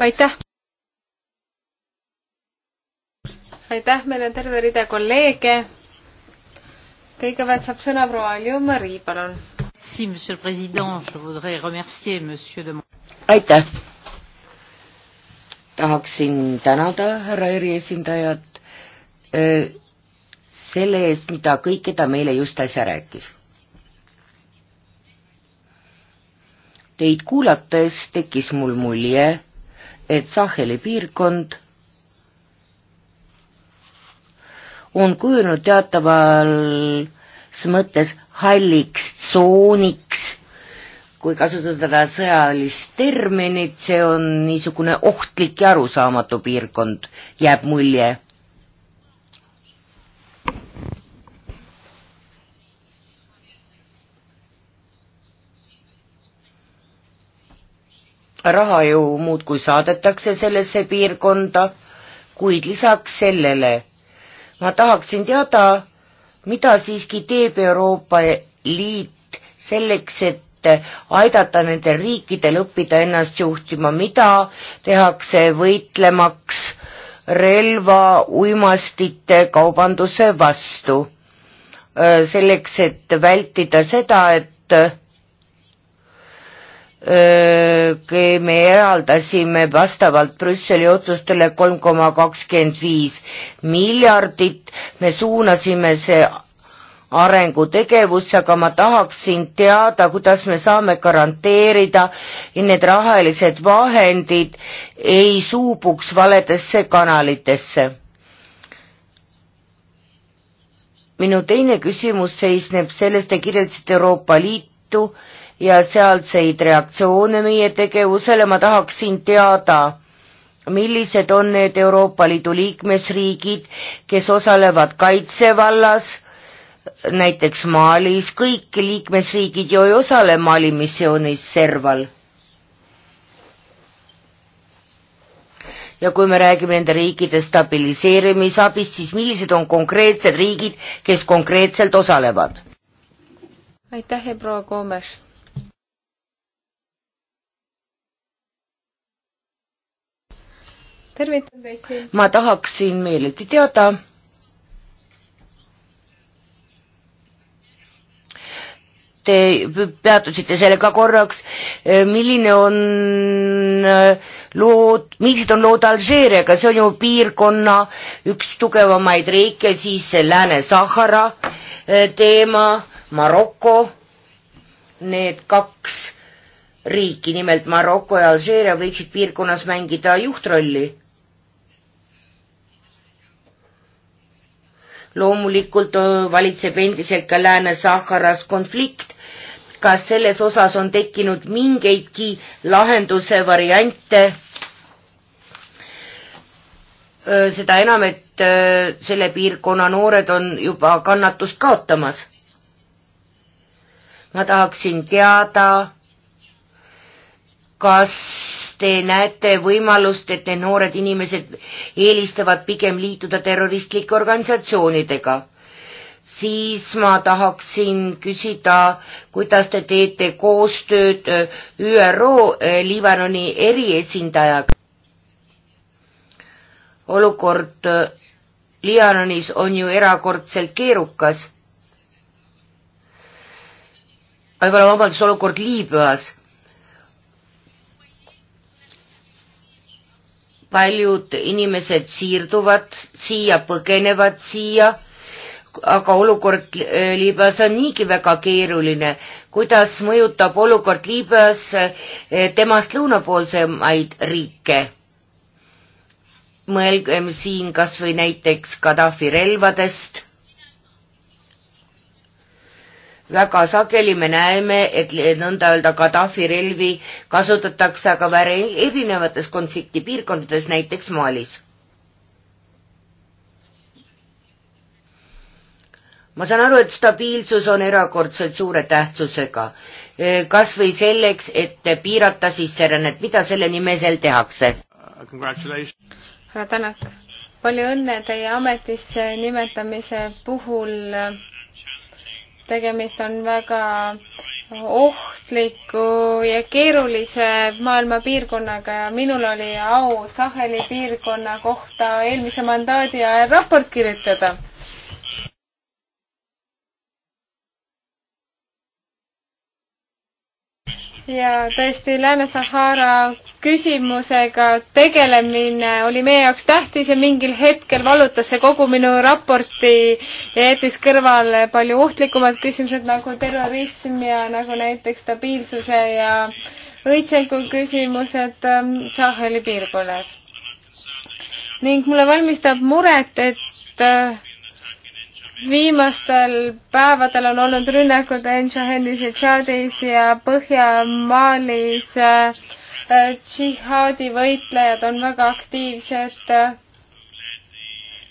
aitäh! aitäh, meil on terve rida kolleege. kõigepealt saab sõna proua Aljo-Marii, palun. aitäh. tahaksin tänada härra eriesindajat äh, selle eest, mida kõik, keda meile just äsja rääkis Teid kuulates tekkis mul mulje, et Saheli piirkond on kujunud teatavas mõttes halliks tsooniks, kui kasutada sõjalist terminit, see on niisugune ohtlik ja arusaamatu piirkond, jääb mulje raha ju muudkui saadetakse sellesse piirkonda, kuid lisaks sellele ma tahaksin teada, mida siiski teeb Euroopa Liit selleks, et aidata nendel riikidel õppida ennast juhtima, mida tehakse võitlemaks relva, uimastite, kaubanduse vastu. Äh, selleks, et vältida seda, et kui me eraldasime vastavalt Brüsseli otsustele kolm koma kakskümmend viis miljardit, me suunasime see arengutegevusse, aga ma tahaksin teada, kuidas me saame garanteerida, et need rahalised vahendid ei suubuks valedesse kanalitesse. minu teine küsimus seisneb selles, te kirjeldasite Euroopa Liitu ja sealseid reaktsioone meie tegevusele, ma tahaksin teada, millised on need Euroopa Liidu liikmesriigid, kes osalevad kaitsevallas, näiteks Malis, kõik liikmesriigid ju ei osale Mali missioonis serval ja kui me räägime nende riikide stabiliseerimisabist, siis millised on konkreetsed riigid, kes konkreetselt osalevad? aitäh ja proua Koomes tervitan teid siin. ma tahaksin meeleldi teada, te peatusite sellega korraks, milline on lood, millised on lood Alžeeriaga, see on ju piirkonna üks tugevamaid riike, siis Lääne-Sahara eh, teema, Maroko, need kaks riiki, nimelt Maroko ja Alžeeria võiksid piirkonnas mängida juhtrolli loomulikult äh, valitseb endiselt ka Lääne-Saharas konflikt. kas selles osas on tekkinud mingeidki lahenduse variante? Äh, seda enam, et äh, selle piirkonna noored on juba kannatust kaotamas. ma tahaksin teada kas te näete võimalust, et need noored inimesed eelistavad pigem liituda terroristlike organisatsioonidega? siis ma tahaksin küsida, kuidas te teete koostööd ÜRO eh, Liibanoni eriesindajaga? olukord eh, Liibanonis on ju erakordselt keerukas. võib-olla vabandust, olukord Liibüas paljud inimesed siirduvad siia, põgenevad siia, aga olukord Liibüas on niigi väga keeruline. kuidas mõjutab olukord Liibüas eh, temast lõunapoolsemaid riike? mõelgem siin kas või näiteks Gaddafi relvadest väga sageli me näeme, et nõnda öelda Gaddafi relvi kasutatakse aga väga erinevates konfliktipiirkondades, näiteks Malis. ma saan aru, et stabiilsus on erakordselt suure tähtsusega, kas või selleks, et piirata sisserännet, mida selle nimel tehakse? härra Tänak, palju õnne teie ametisse nimetamise puhul tegemist on väga ohtliku ja keerulise maailma piirkonnaga ja minul oli au Saheli piirkonna kohta eelmise mandaadi ajal raport kirjutada. ja tõesti Lääne-Sahara küsimusega tegelemine oli meie jaoks tähtis ja mingil hetkel vallutas see kogu minu raporti ja jättis kõrvale palju ohtlikumad küsimused nagu terrorism ja nagu näiteks stabiilsuse ja õitsengu küsimused ähm, Saheli piirkonnas. ning mulle valmistab muret, et äh, viimastel päevadel on olnud rünnakud Enšahendis ja Tšaadis ja Põhja-Malis äh, džihaadi võitlejad on väga aktiivsed.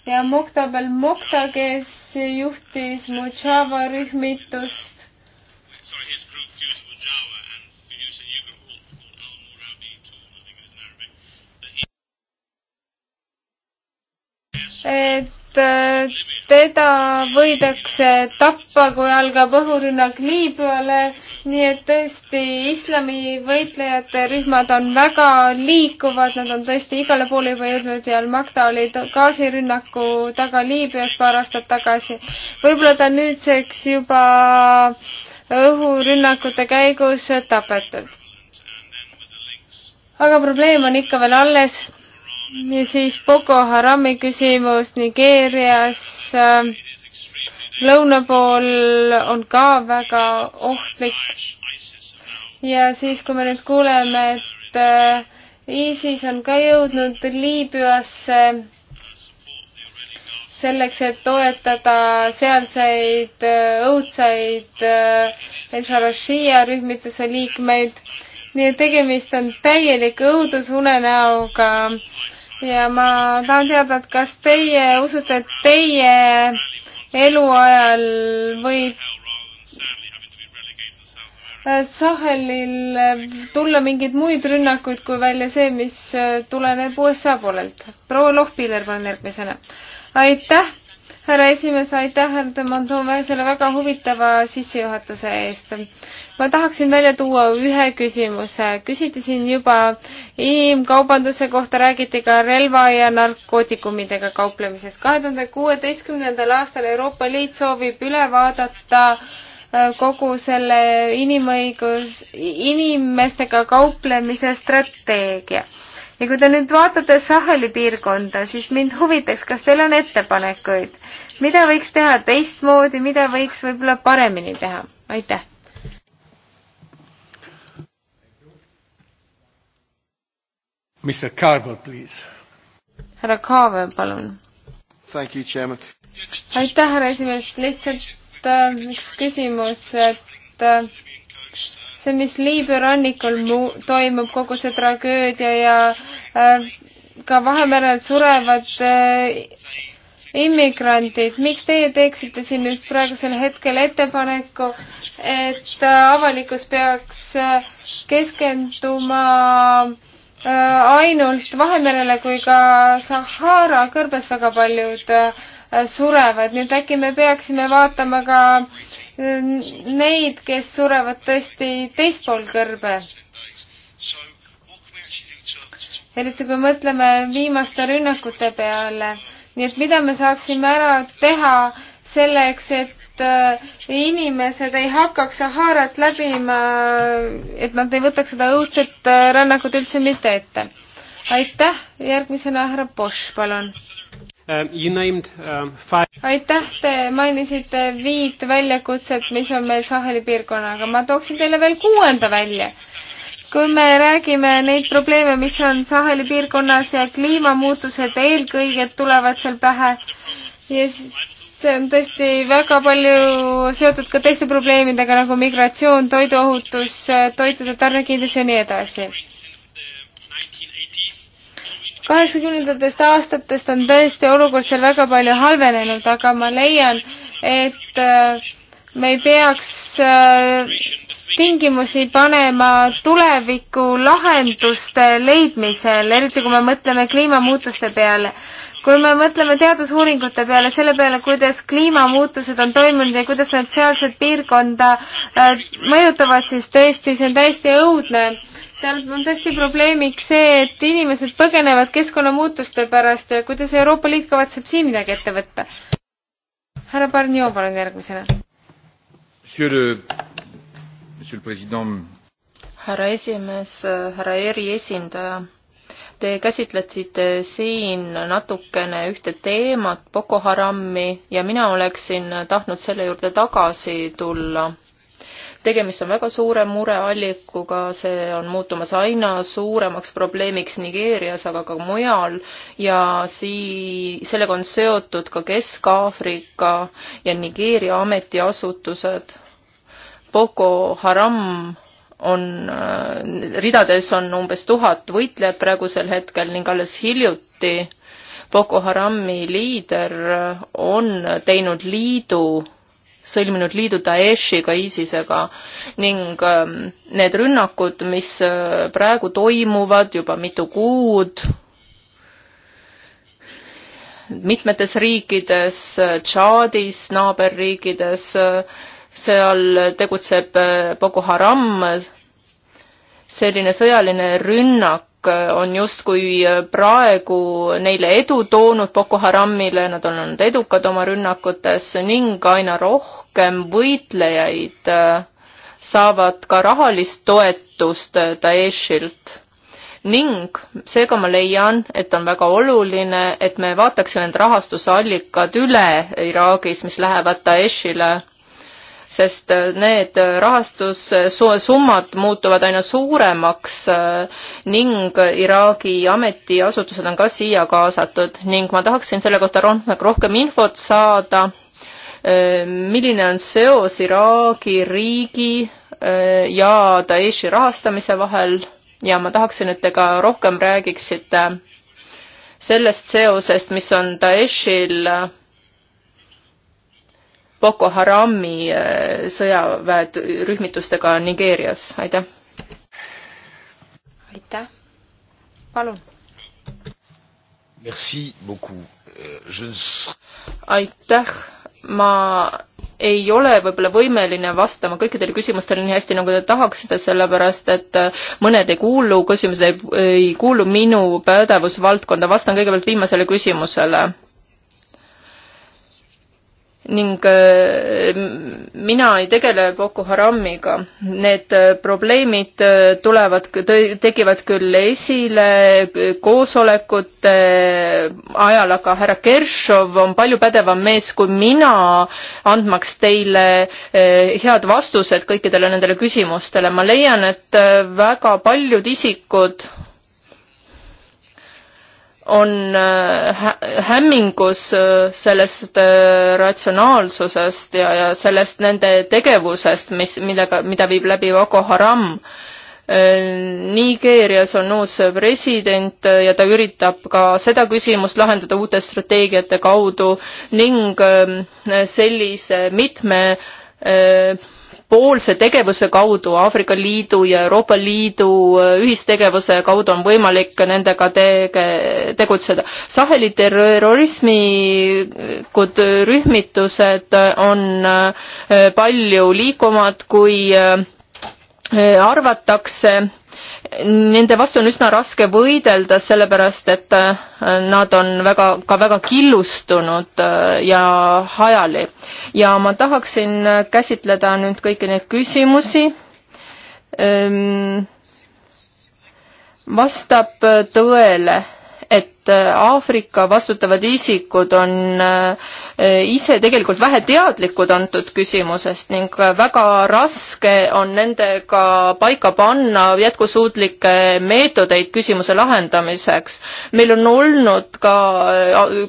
ja Moktabel Mokta, kes juhtis Mujava rühmitust, et Äh, teda võidakse tappa, kui algab õhurünnak Liibüale, nii et tõesti islami võitlejate rühmad on väga liikuvad, nad on tõesti igale poole juba jõudnud ja Al-Makta oli gaasirünnaku taga Liibüas paar aastat tagasi. võib-olla ta nüüdseks juba õhurünnakute käigus tapetud. aga probleem on ikka veel alles ja siis Boko Harami küsimus Nigeerias äh,, lõuna pool on ka väga ohtlik. ja siis, kui me nüüd kuuleme, et äh, ISIS on ka jõudnud Liibüasse selleks, et toetada sealseid äh, õudsaid Al-Sharashia äh, rühmituse liikmeid. nii et tegemist on täieliku õudusunenäoga ja ma tahan teada, et kas teie usute, et teie eluajal võib Sahelil tulla mingeid muid rünnakuid kui välja see, mis tuleneb USA poolelt. proua Lohpiller, palun järgmisena. aitäh härra esimees, aitäh härra Mandove selle väga huvitava sissejuhatuse eest. ma tahaksin välja tuua ühe küsimuse. küsiti siin juba inimkaubanduse kohta, räägiti ka relva ja narkootikumidega kauplemisest. kahe tuhande kuueteistkümnendal aastal Euroopa Liit soovib üle vaadata äh, kogu selle inimõigus, inimestega kauplemise strateegia ja kui te nüüd vaatate Saheli piirkonda, siis mind huvitaks, kas teil on ettepanekuid, mida võiks teha teistmoodi, mida võiks võib-olla paremini teha? aitäh! Mr Carver, please. härra Carver, palun. aitäh, härra esimees, lihtsalt äh, üks küsimus, et äh, see, mis Liibüa rannikul mu-, toimub, kogu see tragöödia ja äh, ka Vahemerel surevad äh, immigrandid, miks teie teeksite siin nüüd praegusel hetkel ettepaneku, et äh, avalikkus peaks äh, keskenduma äh, ainult Vahemerele, kui ka Sahara kõrbes väga paljud Äh, surevad, nii et äkki me peaksime vaatama ka äh, neid, kes surevad tõesti teispool kõrbe. eriti kui mõtleme viimaste rünnakute peale. nii et mida me saaksime ära teha selleks, et äh, inimesed ei hakkaks Saharat läbima, et nad ei võtaks seda õudset rännakut üldse mitte ette. aitäh, järgmisena härra Bosch, palun Um, um, aitäh, te mainisite viit väljakutset, mis on meil Saheli piirkonnaga, ma tooksin teile veel kuuenda välja. kui me räägime neid probleeme, mis on Saheli piirkonnas ja kliimamuutused eelkõige tulevad seal pähe ja siis see on tõesti väga palju seotud ka teiste probleemidega nagu migratsioon, toiduohutus, toitude tarnekindlus ja nii edasi kaheksakümnendatest aastatest on tõesti olukord seal väga palju halvenenud, aga ma leian, et äh, me ei peaks äh, tingimusi panema tuleviku lahenduste leidmisel, eriti kui me mõtleme kliimamuutuste peale. kui me mõtleme teadusuuringute peale, selle peale, kuidas kliimamuutused on toimunud ja kuidas nad sealset piirkonda äh, mõjutavad, siis tõesti, see on täiesti õudne seal on tõesti probleemiks see, et inimesed põgenevad keskkonnamuutuste pärast ja kuidas Euroopa Liit kavatseb siin midagi ette võtta? härra Barnio, palun järgmisena. härra esimees, härra eriesindaja Te käsitlesite siin natukene ühte teemat, Boko Harami, ja mina oleksin tahtnud selle juurde tagasi tulla tegemist on väga suure mureallikuga, see on muutumas aina suuremaks probleemiks Nigeerias, aga ka mujal ja sii-, sellega on seotud ka Kesk-Aafrika ja Nigeeria ametiasutused. Boko Haram on, ridades on umbes tuhat võitlejat praegusel hetkel ning alles hiljuti Boko Harami liider on teinud liidu sõlminud liidu Daeshiga, ISISega ning ähm, need rünnakud, mis äh, praegu toimuvad juba mitu kuud, mitmetes riikides, Tšaadis, naaberriikides, seal tegutseb äh, Boko Haram, selline sõjaline rünnak Äh, on justkui äh, praegu neile edu toonud Boko Haramile, nad on olnud edukad oma rünnakutes ning aina rohkem võitlejaid äh, saavad ka rahalist toetust Daeshilt. ning seega ma leian, et on väga oluline, et me vaataksime need rahastusallikad üle Iraagis, mis lähevad Daeshile sest äh, need äh, rahastussummad äh, muutuvad aina suuremaks ning Iraagi ametiasutused on ka siia kaasatud ning ma tahaksin selle kohta rohkem infot saada. milline on seos Iraagi riigi ja Daeshi rahastamise vahel ja ma tahaksin, et te ka rohkem räägiksite sellest seosest, mis on Daeshil Boko Harami äh, sõjaväe rühmitustega Nigeerias, aitäh! aitäh! palun! Merci beaucoup. Euh, je... aitäh, ma ei ole võib-olla võimeline vastama kõikidele küsimustele nii hästi, nagu te tahaksite, sellepärast et äh, mõned ei kuulu, küsimused ei, ei kuulu minu pädevusvaldkonda, vastan kõigepealt viimasele küsimusele ning äh, mina ei tegele Boko Haramiga. Need äh, probleemid äh, tulevad, tekivad küll esile koosolekute ajal, aga härra Kershov on palju pädevam mees kui mina, andmaks teile head vastused kõikidele nendele küsimustele. ma leian, et väga paljud isikud on äh, hämmingus äh, sellest äh, ratsionaalsusest ja, ja sellest nende tegevusest, mis, millega, mida viib läbi Boko Haram. Nigeerias on uus president ja ta üritab ka seda küsimust lahendada uute strateegiate kaudu ning ähm, sellise mitme poolse tegevuse kaudu, Aafrika Liidu ja Euroopa Liidu äh, ühistegevuse kaudu on võimalik nendega tege-, tegutseda. Saheli terrorismikud äh, rühmitused on äh, palju liikumad, kui arvatakse nende vastu on üsna raske võidelda, sellepärast et äh, nad on väga, ka väga killustunud äh, ja hajali. ja ma tahaksin äh, käsitleda nüüd kõiki neid küsimusi. Ehm, vastab tõele, et Äh, Aafrika vastutavad isikud on äh, ise tegelikult vähe teadlikud antud küsimusest ning äh, väga raske on nendega paika panna jätkusuutlikke meetodeid küsimuse lahendamiseks. meil on olnud ka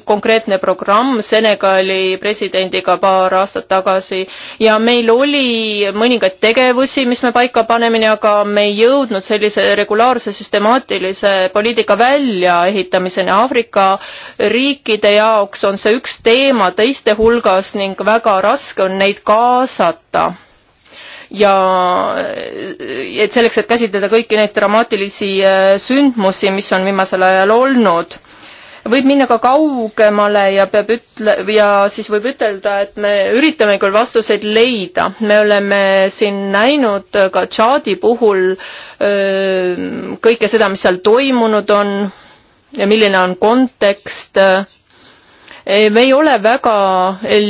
konkreetne programm Senegali presidendiga paar aastat tagasi ja meil oli mõningaid tegevusi, mis me paika panemine, aga me ei jõudnud sellise regulaarse süstemaatilise poliitika väljaehitamiseni Lääne-Aafrika riikide jaoks on see üks teema teiste hulgas ning väga raske on neid kaasata ja et selleks, et käsitleda kõiki neid dramaatilisi äh, sündmusi, mis on viimasel ajal olnud, võib minna ka kaugemale ja peab ütle- ja siis võib ütelda, et me üritame küll vastuseid leida, me oleme siin näinud ka Tšaadi puhul öö, kõike seda, mis seal toimunud on ja milline on kontekst. me ei ole väga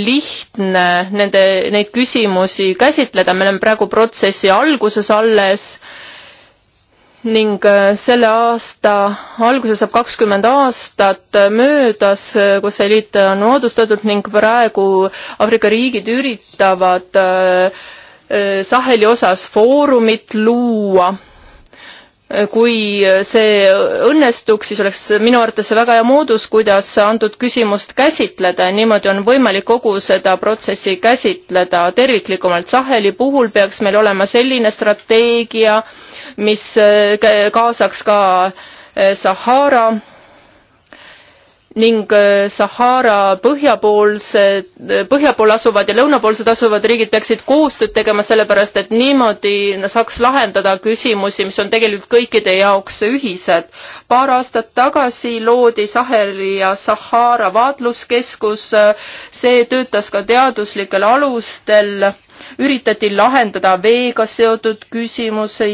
lihtne nende, neid küsimusi käsitleda, me oleme praegu protsessi alguses alles ning äh, selle aasta alguses saab kakskümmend aastat möödas, äh, kus see liit on moodustatud ning praegu Aafrika riigid üritavad äh, Saheli osas foorumit luua kui see õnnestuks, siis oleks minu arvates see väga hea moodus, kuidas antud küsimust käsitleda ja niimoodi on võimalik kogu seda protsessi käsitleda terviklikumalt. Saheli puhul peaks meil olema selline strateegia, mis äh, kaasaks ka äh, Sahara ning äh, Sahara põhjapoolse, põhja pool asuvad ja lõuna poolsed asuvad riigid peaksid koostööd tegema, sellepärast et niimoodi saaks lahendada küsimusi, mis on tegelikult kõikide jaoks ühised. paar aastat tagasi loodi Saheli ja Sahara vaatluskeskus, äh, see töötas ka teaduslikel alustel üritati lahendada veega seotud küsimusi,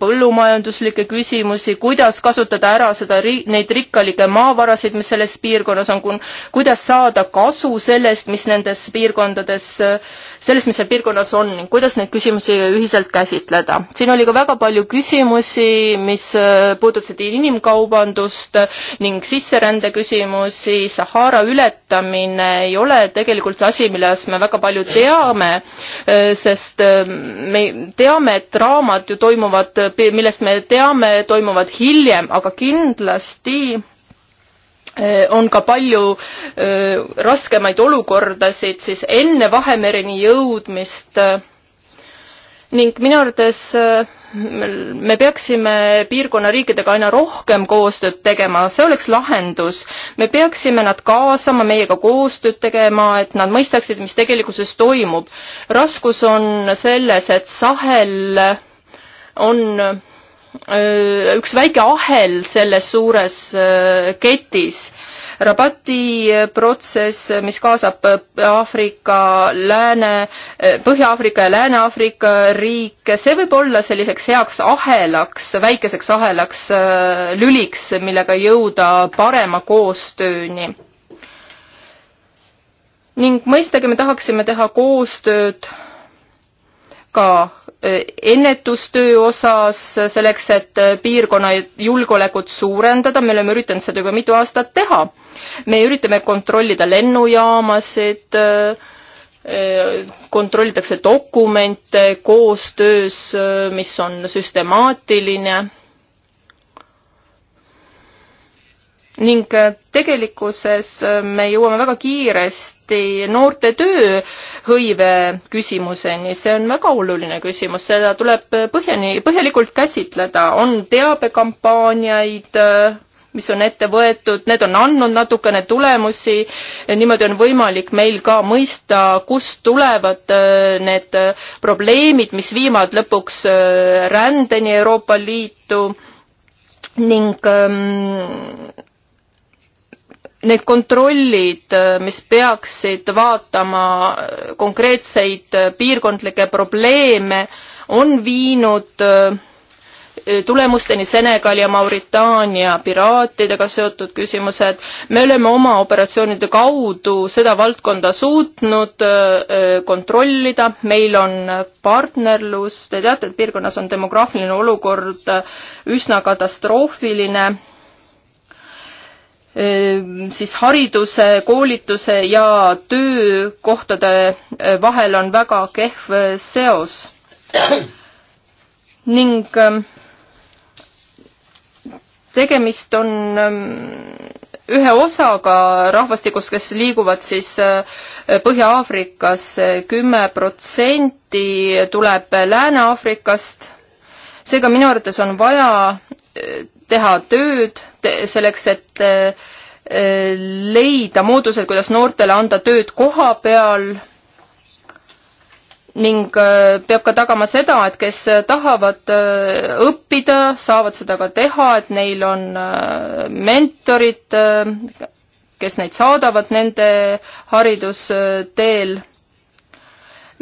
põllumajanduslikke küsimusi, kuidas kasutada ära seda, neid rikkalikke maavarasid, mis selles piirkonnas on, kuidas saada kasu sellest, mis nendes piirkondades äh, sellest, mis seal piirkonnas on ning kuidas neid küsimusi ühiselt käsitleda. siin oli ka väga palju küsimusi, mis äh, puudutasid inimkaubandust ning sisserände küsimusi, Sahara ületamine ei ole tegelikult see asi, millest me väga palju teame, äh, sest äh, me teame, et draamad ju toimuvad, millest me teame, toimuvad hiljem, aga kindlasti Äh, on ka palju äh, raskemaid olukordasid siis enne Vahemereni jõudmist äh, ning minu arvates me peaksime piirkonna riikidega aina rohkem koostööd tegema, see oleks lahendus. me peaksime nad kaasama, meiega koostööd tegema, et nad mõistaksid, mis tegelikkuses toimub. raskus on selles, et Sahel on Äh, üks väike ahel selles suures äh, ketis. Rabati äh, protsess, mis kaasab Aafrika, Lääne, Põhja-Aafrika ja Lääne-Aafrika riike, see võib olla selliseks heaks ahelaks, väikeseks ahelaks lüliks, millega jõuda parema koostööni. ning mõistagi me tahaksime teha koostööd ka äh, ennetustöö osas selleks, et äh, piirkonna julgeolekut suurendada, me oleme üritanud seda juba mitu aastat teha. me üritame kontrollida lennujaamasid, äh, kontrollitakse dokumente koostöös, mis on süstemaatiline ning äh, tegelikkuses äh, me jõuame väga kiiresti noorte tööhõive küsimuseni, see on väga oluline küsimus, seda tuleb äh, põhjani, põhjalikult käsitleda, on teabekampaaniaid, mis on ette võetud, need on andnud natukene tulemusi, niimoodi on võimalik meil ka mõista, kust tulevad need probleemid, mis viivad lõpuks rändeni Euroopa Liitu ning ähm, need kontrollid, mis peaksid vaatama konkreetseid piirkondlikke probleeme, on viinud äh, tulemusteni Senegali ja Mauritaania piraatidega seotud küsimused. me oleme oma operatsioonide kaudu seda valdkonda suutnud äh, kontrollida, meil on partnerlus, te teate, et piirkonnas on demograafiline olukord äh, üsna katastroofiline Ehm, siis hariduse, koolituse ja töökohtade eh, vahel on väga kehv eh, seos. ning ehm, tegemist on ehm, ühe osaga rahvastikust, kes liiguvad siis eh, Põhja-Aafrikas, kümme protsenti tuleb Lääne-Aafrikast. seega minu arvates on vaja teha tööd et selleks, et eh, leida moodused, kuidas noortele anda tööd koha peal ning eh, peab ka tagama seda, et kes tahavad eh, õppida, saavad seda ka teha, et neil on mentorid, kes neid saadavad nende haridusteel.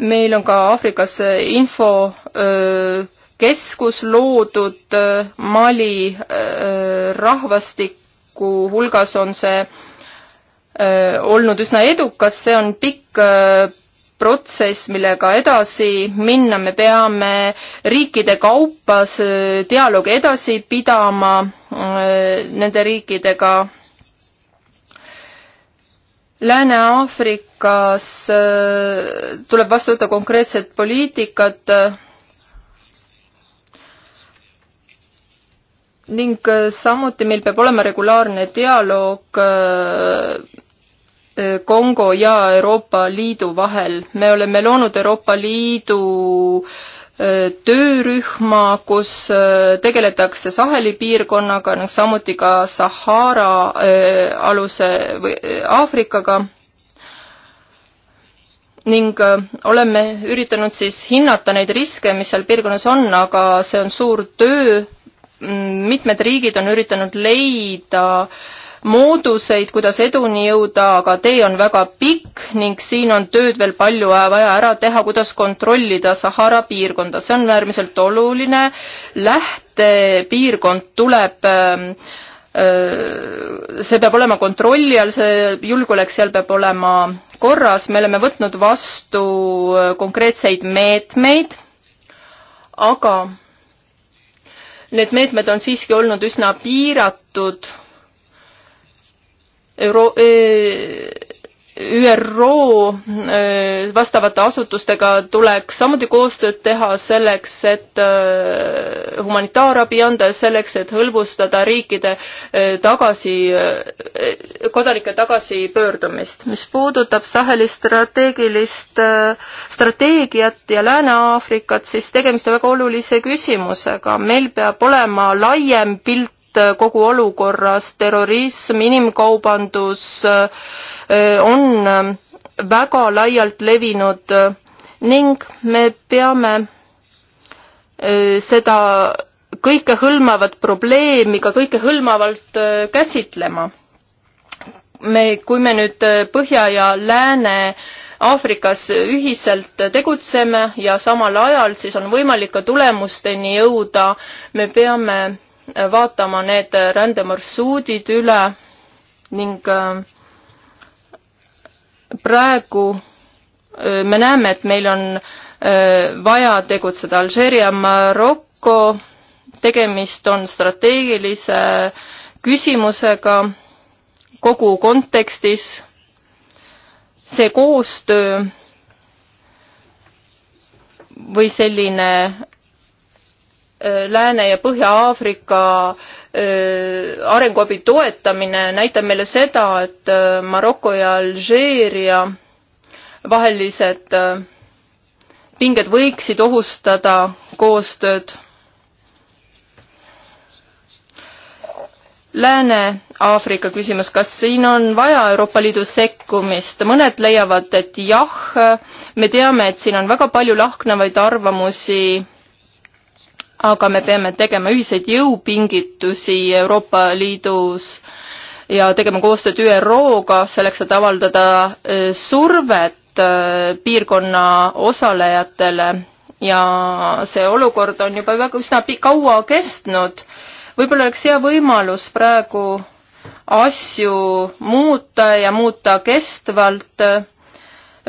meil on ka Aafrikas info öö, keskus loodud äh, Mali äh, rahvastiku hulgas on see äh, olnud üsna edukas, see on pikk protsess, millega edasi minna, me peame riikide kaupas dialoogi edasi pidama nende riikidega. Lääne-Aafrikas tuleb vastu võtta konkreetset poliitikat ning äh, samuti meil peab olema regulaarne dialoog äh, äh, Kongo ja Euroopa Liidu vahel. me oleme loonud Euroopa Liidu töörühma, kus tegeletakse Saheli piirkonnaga ning samuti ka Sahara aluse või Aafrikaga ning oleme üritanud siis hinnata neid riske, mis seal piirkonnas on, aga see on suur töö mitmed riigid on üritanud leida mooduseid, kuidas eduni jõuda, aga tee on väga pikk ning siin on tööd veel palju vaja ära teha, kuidas kontrollida Sahara piirkonda, see on äärmiselt oluline. lähtepiirkond tuleb ähm, äh, see peab olema kontrolli all, see julgeolek seal peab olema korras, me oleme võtnud vastu äh, konkreetseid meetmeid, aga need meetmed on siiski olnud üsna piiratud Euro-, eh, ÜRO äh, vastavate asutustega tuleks samuti koostööd teha selleks, et äh, humanitaarabi anda, selleks, et hõlbustada riikide äh, tagasi, kodanike tagasipöördumist. mis puudutab Saheli strateegilist strateegiat ja Lääne-Aafrikat, siis tegemist on väga olulise küsimusega. meil peab olema laiem pilt kogu olukorras, terrorism, inimkaubandus äh, on äh, väga laialt levinud äh, ning me peame seda kõikehõlmavat probleemi ka kõikehõlmavalt käsitlema. me, kui me nüüd Põhja ja Lääne Aafrikas ühiselt tegutseme ja samal ajal, siis on võimalik ka tulemusteni jõuda. me peame vaatama need rändemarsruudid üle ning äh, praegu äh, me näeme, et meil on äh, vaja tegutseda Alžeeria, Maroko, tegemist on strateegilise küsimusega kogu kontekstis. see koostöö või selline Äh, Lääne- ja Põhja-Aafrika äh, arenguabi toetamine näitab meile seda, et äh, Maroko ja Alžeeria vahelised pinged võiksid ohustada koostööd. Lääne-Aafrika küsimus, kas siin on vaja Euroopa Liidu sekkumist? mõned leiavad, et jah, me teame, et siin on väga palju lahknevaid arvamusi aga me peame tegema ühiseid jõupingitusi Euroopa Liidus ja tegema koostööd ÜRO-ga selleks, et avaldada äh, survet äh, piirkonna osalejatele ja see olukord on juba väga üsna kaua kestnud. võib-olla oleks hea võimalus praegu asju muuta ja muuta kestvalt äh,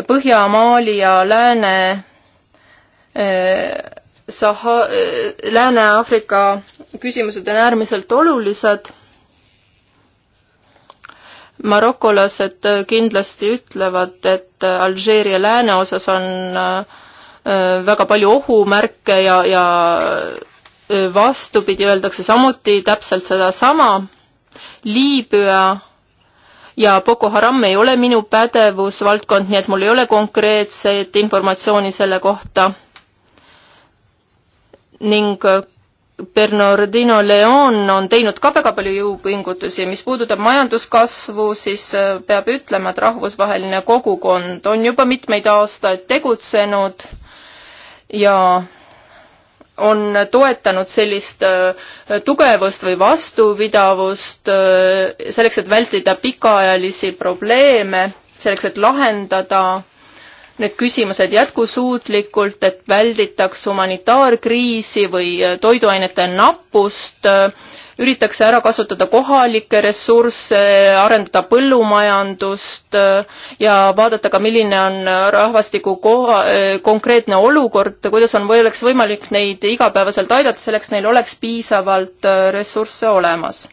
Põhja-Maali ja Lääne Saha-, Lääne-Aafrika küsimused on äärmiselt olulised. marokolased kindlasti ütlevad, et Alžeeria lääneosas on äh, väga palju ohumärke ja, ja äh, vastupidi, öeldakse samuti täpselt sedasama. Liibüa ja Boko Haram ei ole minu pädevusvaldkond, nii et mul ei ole konkreetset informatsiooni selle kohta ning äh, Bernardino Leon on teinud ka väga palju jõupingutusi, mis puudutab majanduskasvu, siis äh, peab ütlema, et rahvusvaheline kogukond on juba mitmeid aastaid tegutsenud ja on toetanud sellist äh, tugevust või vastupidavust selleks, et vältida pikaajalisi probleeme, selleks, et lahendada need küsimused jätkusuutlikult, et välditaks humanitaarkriisi või äh, toiduainete nappust, äh, üritatakse ära kasutada kohalikke ressursse, arendada põllumajandust äh, ja vaadata ka, milline on rahvastiku koha, konkreetne olukord, kuidas on, oleks võimalik neid igapäevaselt aidata, selleks neil oleks piisavalt ressursse olemas.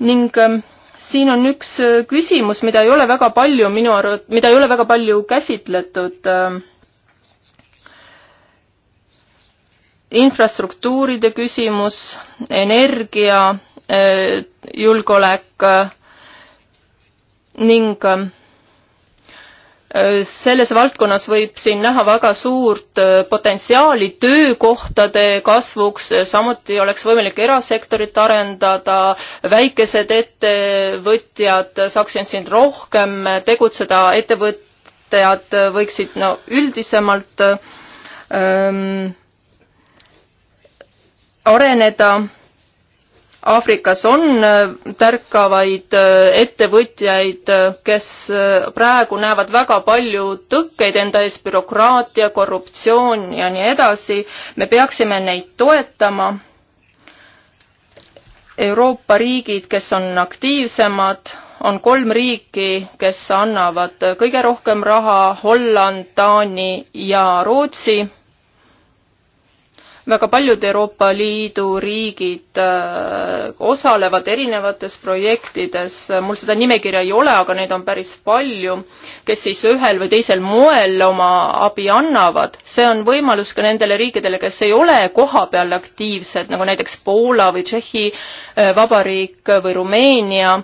ning ähm, siin on üks äh, küsimus, mida ei ole väga palju minu arv-, mida ei ole väga palju käsitletud. Ähm, infrastruktuuride küsimus, energia, äh, julgeolek äh, ning ähm, selles valdkonnas võib siin näha väga suurt potentsiaali töökohtade kasvuks, samuti oleks võimalik erasektorit arendada, väikesed ettevõtjad saaksid siin rohkem tegutseda, ettevõtjad võiksid no üldisemalt ähm, areneda Aafrikas on äh, tärkavaid äh, ettevõtjaid, äh, kes praegu näevad väga palju tõkkeid enda ees, bürokraatia, korruptsioon ja nii edasi. me peaksime neid toetama. Euroopa riigid, kes on aktiivsemad, on kolm riiki, kes annavad kõige rohkem raha, Holland, Taani ja Rootsi väga paljud Euroopa Liidu riigid äh, osalevad erinevates projektides, mul seda nimekirja ei ole, aga neid on päris palju, kes siis ühel või teisel moel oma abi annavad. see on võimalus ka nendele riikidele, kes ei ole kohapeal aktiivsed, nagu näiteks Poola või Tšehhi äh, Vabariik või Rumeenia,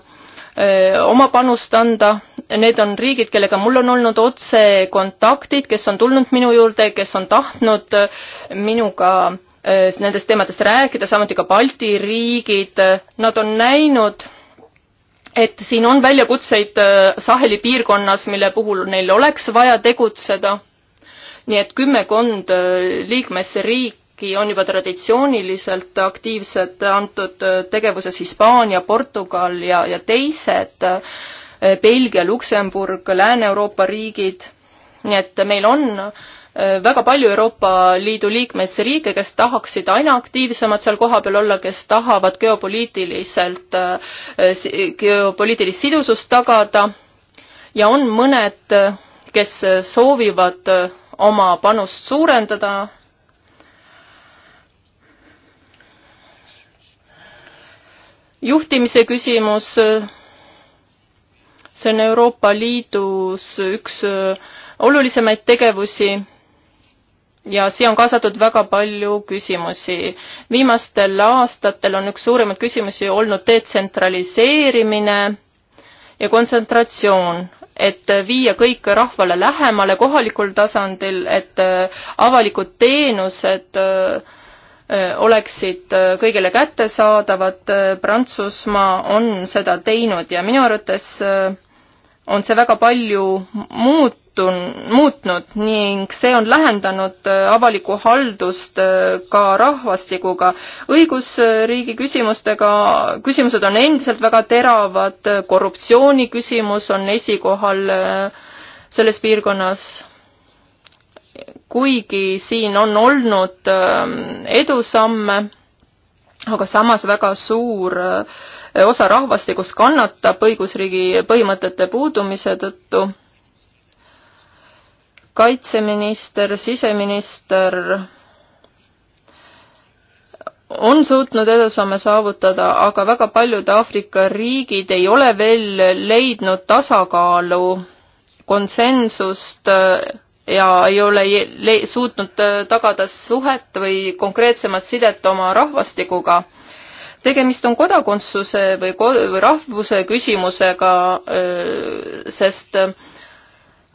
äh, oma panust anda need on riigid, kellega mul on olnud otsekontaktid, kes on tulnud minu juurde, kes on tahtnud äh, minuga äh, nendest teemadest rääkida, samuti ka Balti riigid, nad on näinud, et siin on väljakutseid äh, Saheli piirkonnas, mille puhul neil oleks vaja tegutseda. nii et kümmekond liikmesriiki on juba traditsiooniliselt aktiivsed antud tegevuses Hispaania, Portugal ja, ja teised Äh, Belgia, Luksemburg, Lääne-Euroopa riigid, nii et meil on äh, väga palju Euroopa Liidu liikmesriike, kes tahaksid aina aktiivsemad seal kohapeal olla, kes tahavad geopoliitiliselt, äh, geopoliitilist sidusust tagada ja on mõned, kes soovivad oma panust suurendada. juhtimise küsimus see on Euroopa Liidus üks äh, olulisemaid tegevusi ja siia on kaasatud väga palju küsimusi. viimastel aastatel on üks suurimaid küsimusi olnud detsentraliseerimine ja kontsentratsioon, et viia kõik rahvale lähemale kohalikul tasandil, et äh, avalikud teenused äh, oleksid kõigile kättesaadavad, Prantsusmaa on seda teinud ja minu arvates on see väga palju muutun-, muutnud ning see on lähendanud äh, avalikku haldust äh, ka rahvastikuga. õigusriigi küsimustega, küsimused on endiselt väga teravad, äh, korruptsiooni küsimus on esikohal selles piirkonnas, kuigi siin on olnud ähm, edusamme, aga samas väga suur äh, osa rahvastikust kannatab õigusriigi põhimõtete puudumise tõttu. kaitseminister, siseminister on suutnud edusamme saavutada, aga väga paljud Aafrika riigid ei ole veel leidnud tasakaalu, konsensust ja ei ole suutnud tagada suhet või konkreetsemat sidet oma rahvastikuga tegemist on kodakondsuse või, ko või rahvuse küsimusega, sest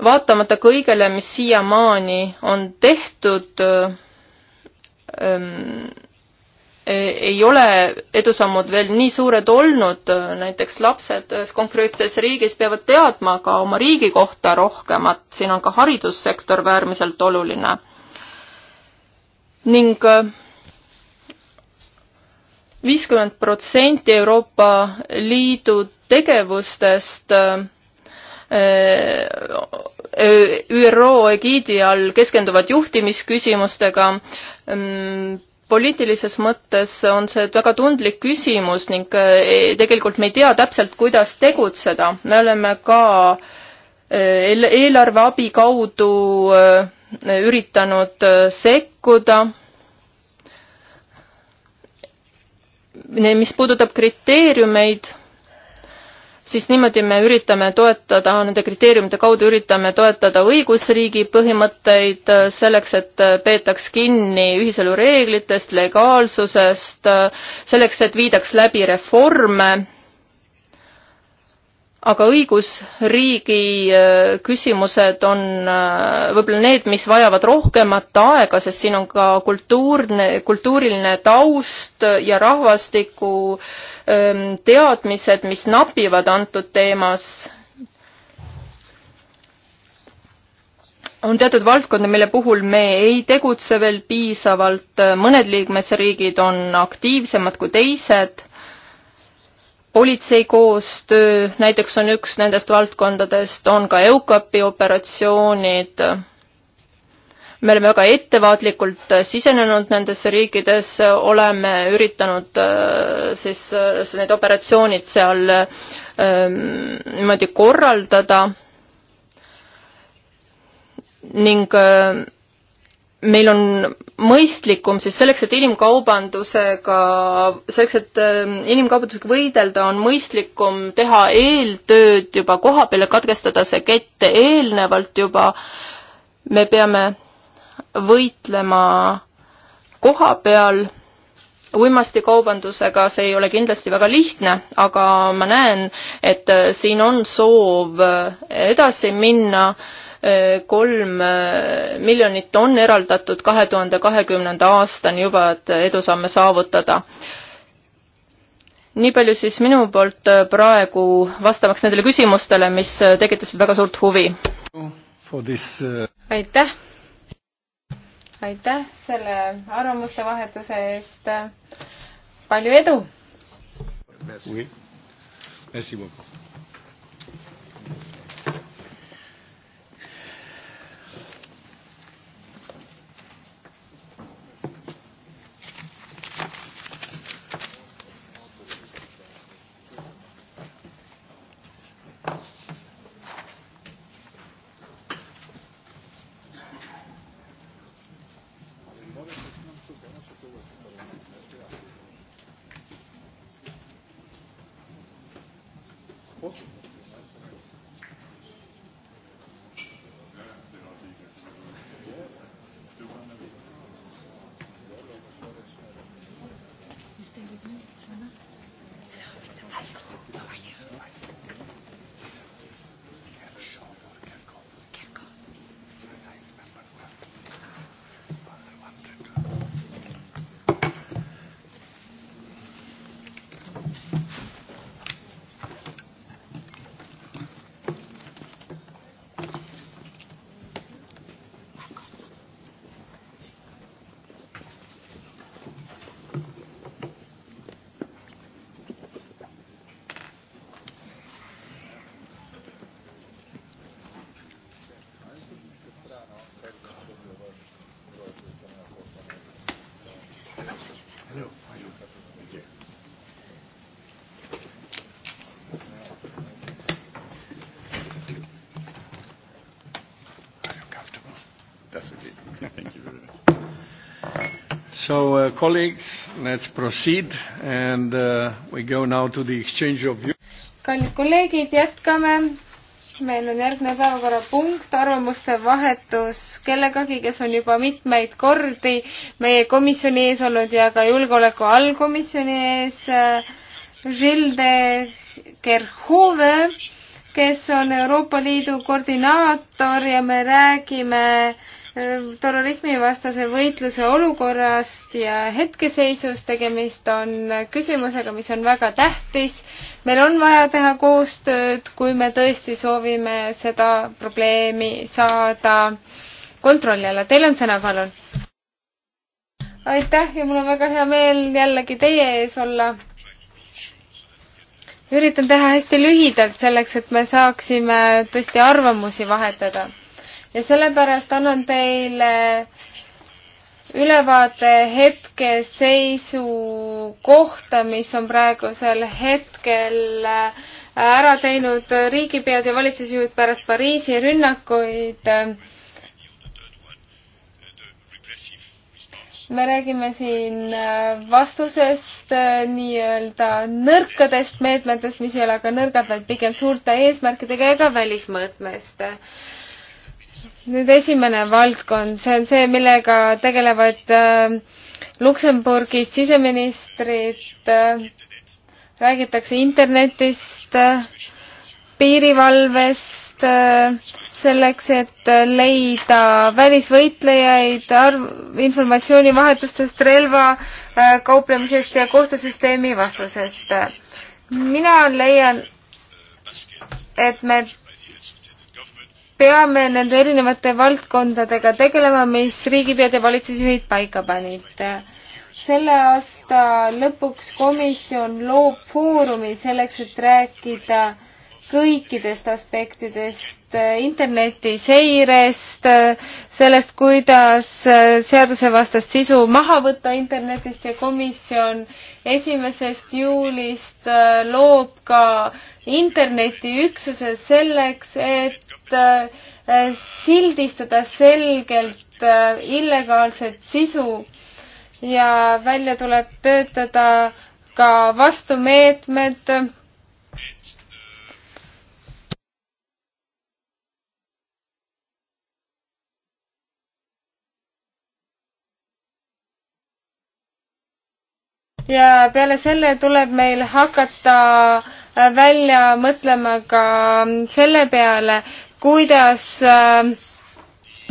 vaatamata kõigele, mis siiamaani on tehtud, e-, ei ole edusammud veel nii suured olnud, näiteks lapsed ühes konkreetses riigis peavad teadma ka oma riigi kohta rohkemat, siin on ka haridussektor äärmiselt oluline. ning viiskümmend protsenti Euroopa Liidu tegevustest äh, äh, ÜRO egiidi all keskenduvad juhtimisküsimustega. Mm, poliitilises mõttes on see väga tundlik küsimus ning äh, tegelikult me ei tea täpselt, kuidas tegutseda. me oleme ka eelarveabi kaudu üritanud sekkuda mis puudutab kriteeriumeid, siis niimoodi me üritame toetada, nende kriteeriumite kaudu üritame toetada õigusriigi põhimõtteid selleks, et peetaks kinni ühiselu reeglitest, legaalsusest, selleks, et viidaks läbi reforme aga õigusriigi äh, küsimused on äh, võib-olla need, mis vajavad rohkemat aega, sest siin on ka kultuurne, kultuuriline taust ja rahvastiku ähm, teadmised, mis napivad antud teemas. on teatud valdkondi, mille puhul me ei tegutse veel piisavalt, mõned liikmesriigid on aktiivsemad kui teised politsei koostöö näiteks on üks nendest valdkondadest, on ka EUCAP-i operatsioonid. me oleme väga ettevaatlikult sisenenud nendesse riikidesse, oleme üritanud äh, siis äh, need operatsioonid seal ähm, niimoodi korraldada ning äh, meil on mõistlikum siis selleks, et inimkaubandusega, selleks, et ähm, inimkaubandusega võidelda, on mõistlikum teha eeltööd juba kohapeal ja katkestada see kett eelnevalt juba. me peame võitlema kohapeal uimastikaubandusega, see ei ole kindlasti väga lihtne, aga ma näen, et äh, siin on soov äh, edasi minna kolm äh, miljonit on eraldatud kahe tuhande kahekümnenda aastani juba, et edusamme saavutada nii palju siis minu poolt äh, praegu vastamaks nendele küsimustele, mis äh, tekitasid väga suurt huvi. aitäh! aitäh selle arvamuste vahetuse eest. palju edu! Merci beaucoup. So, uh, colleagues, let's proceed and uh, we go now to the exchange of views. kallid kolleegid, jätkame. meil on järgmine päevakorrapunkt, arvamuste vahetus kellegagi, kes on juba mitmeid kordi meie komisjoni ees olnud ja ka julgeoleku allkomisjoni ees äh,. Gilles de Kerhove, kes on Euroopa Liidu koordinaator ja me räägime äh, Ehm, terrorismivastase võitluse olukorrast ja hetkeseisust. tegemist on küsimusega, mis on väga tähtis. meil on vaja teha koostööd, kui me tõesti soovime seda probleemi saada kontrolli alla. Teil on sõna, palun. aitäh ja mul on väga hea meel jällegi teie ees olla. üritan teha hästi lühidalt selleks, et me saaksime tõesti arvamusi vahetada ja sellepärast annan teile ülevaate hetkeseisu kohta, mis on praegusel hetkel ära teinud riigipead ja valitsusjuhid pärast Pariisi rünnakuid. me räägime siin vastusest nii-öelda nõrkadest meetmetest, mis ei ole aga nõrgad, vaid pigem suurte eesmärkidega ja ka välismõõtmest nüüd esimene valdkond, see on see, millega tegelevad äh, Luksemburgis siseministrid äh,, räägitakse internetist äh,, piirivalvest äh,, selleks, et äh, leida välisvõitlejaid, arv, informatsioonivahetustest, relva äh, kauplemisest ja kohtusüsteemi vastusest. mina leian, et me peame nende erinevate valdkondadega tegelema, mis riigipead ja valitsusjuhid paika panid. selle aasta lõpuks komisjon loob foorumi selleks, et rääkida kõikidest aspektidest, internetiseirest, sellest, kuidas seadusevastast sisu maha võtta internetist ja komisjon esimesest juulist loob ka internetiüksuse selleks, et äh, sildistada selgelt äh, illegaalset sisu ja välja tuleb töötada ka vastumeetmed ja peale selle tuleb meil hakata välja mõtlema ka selle peale, kuidas äh,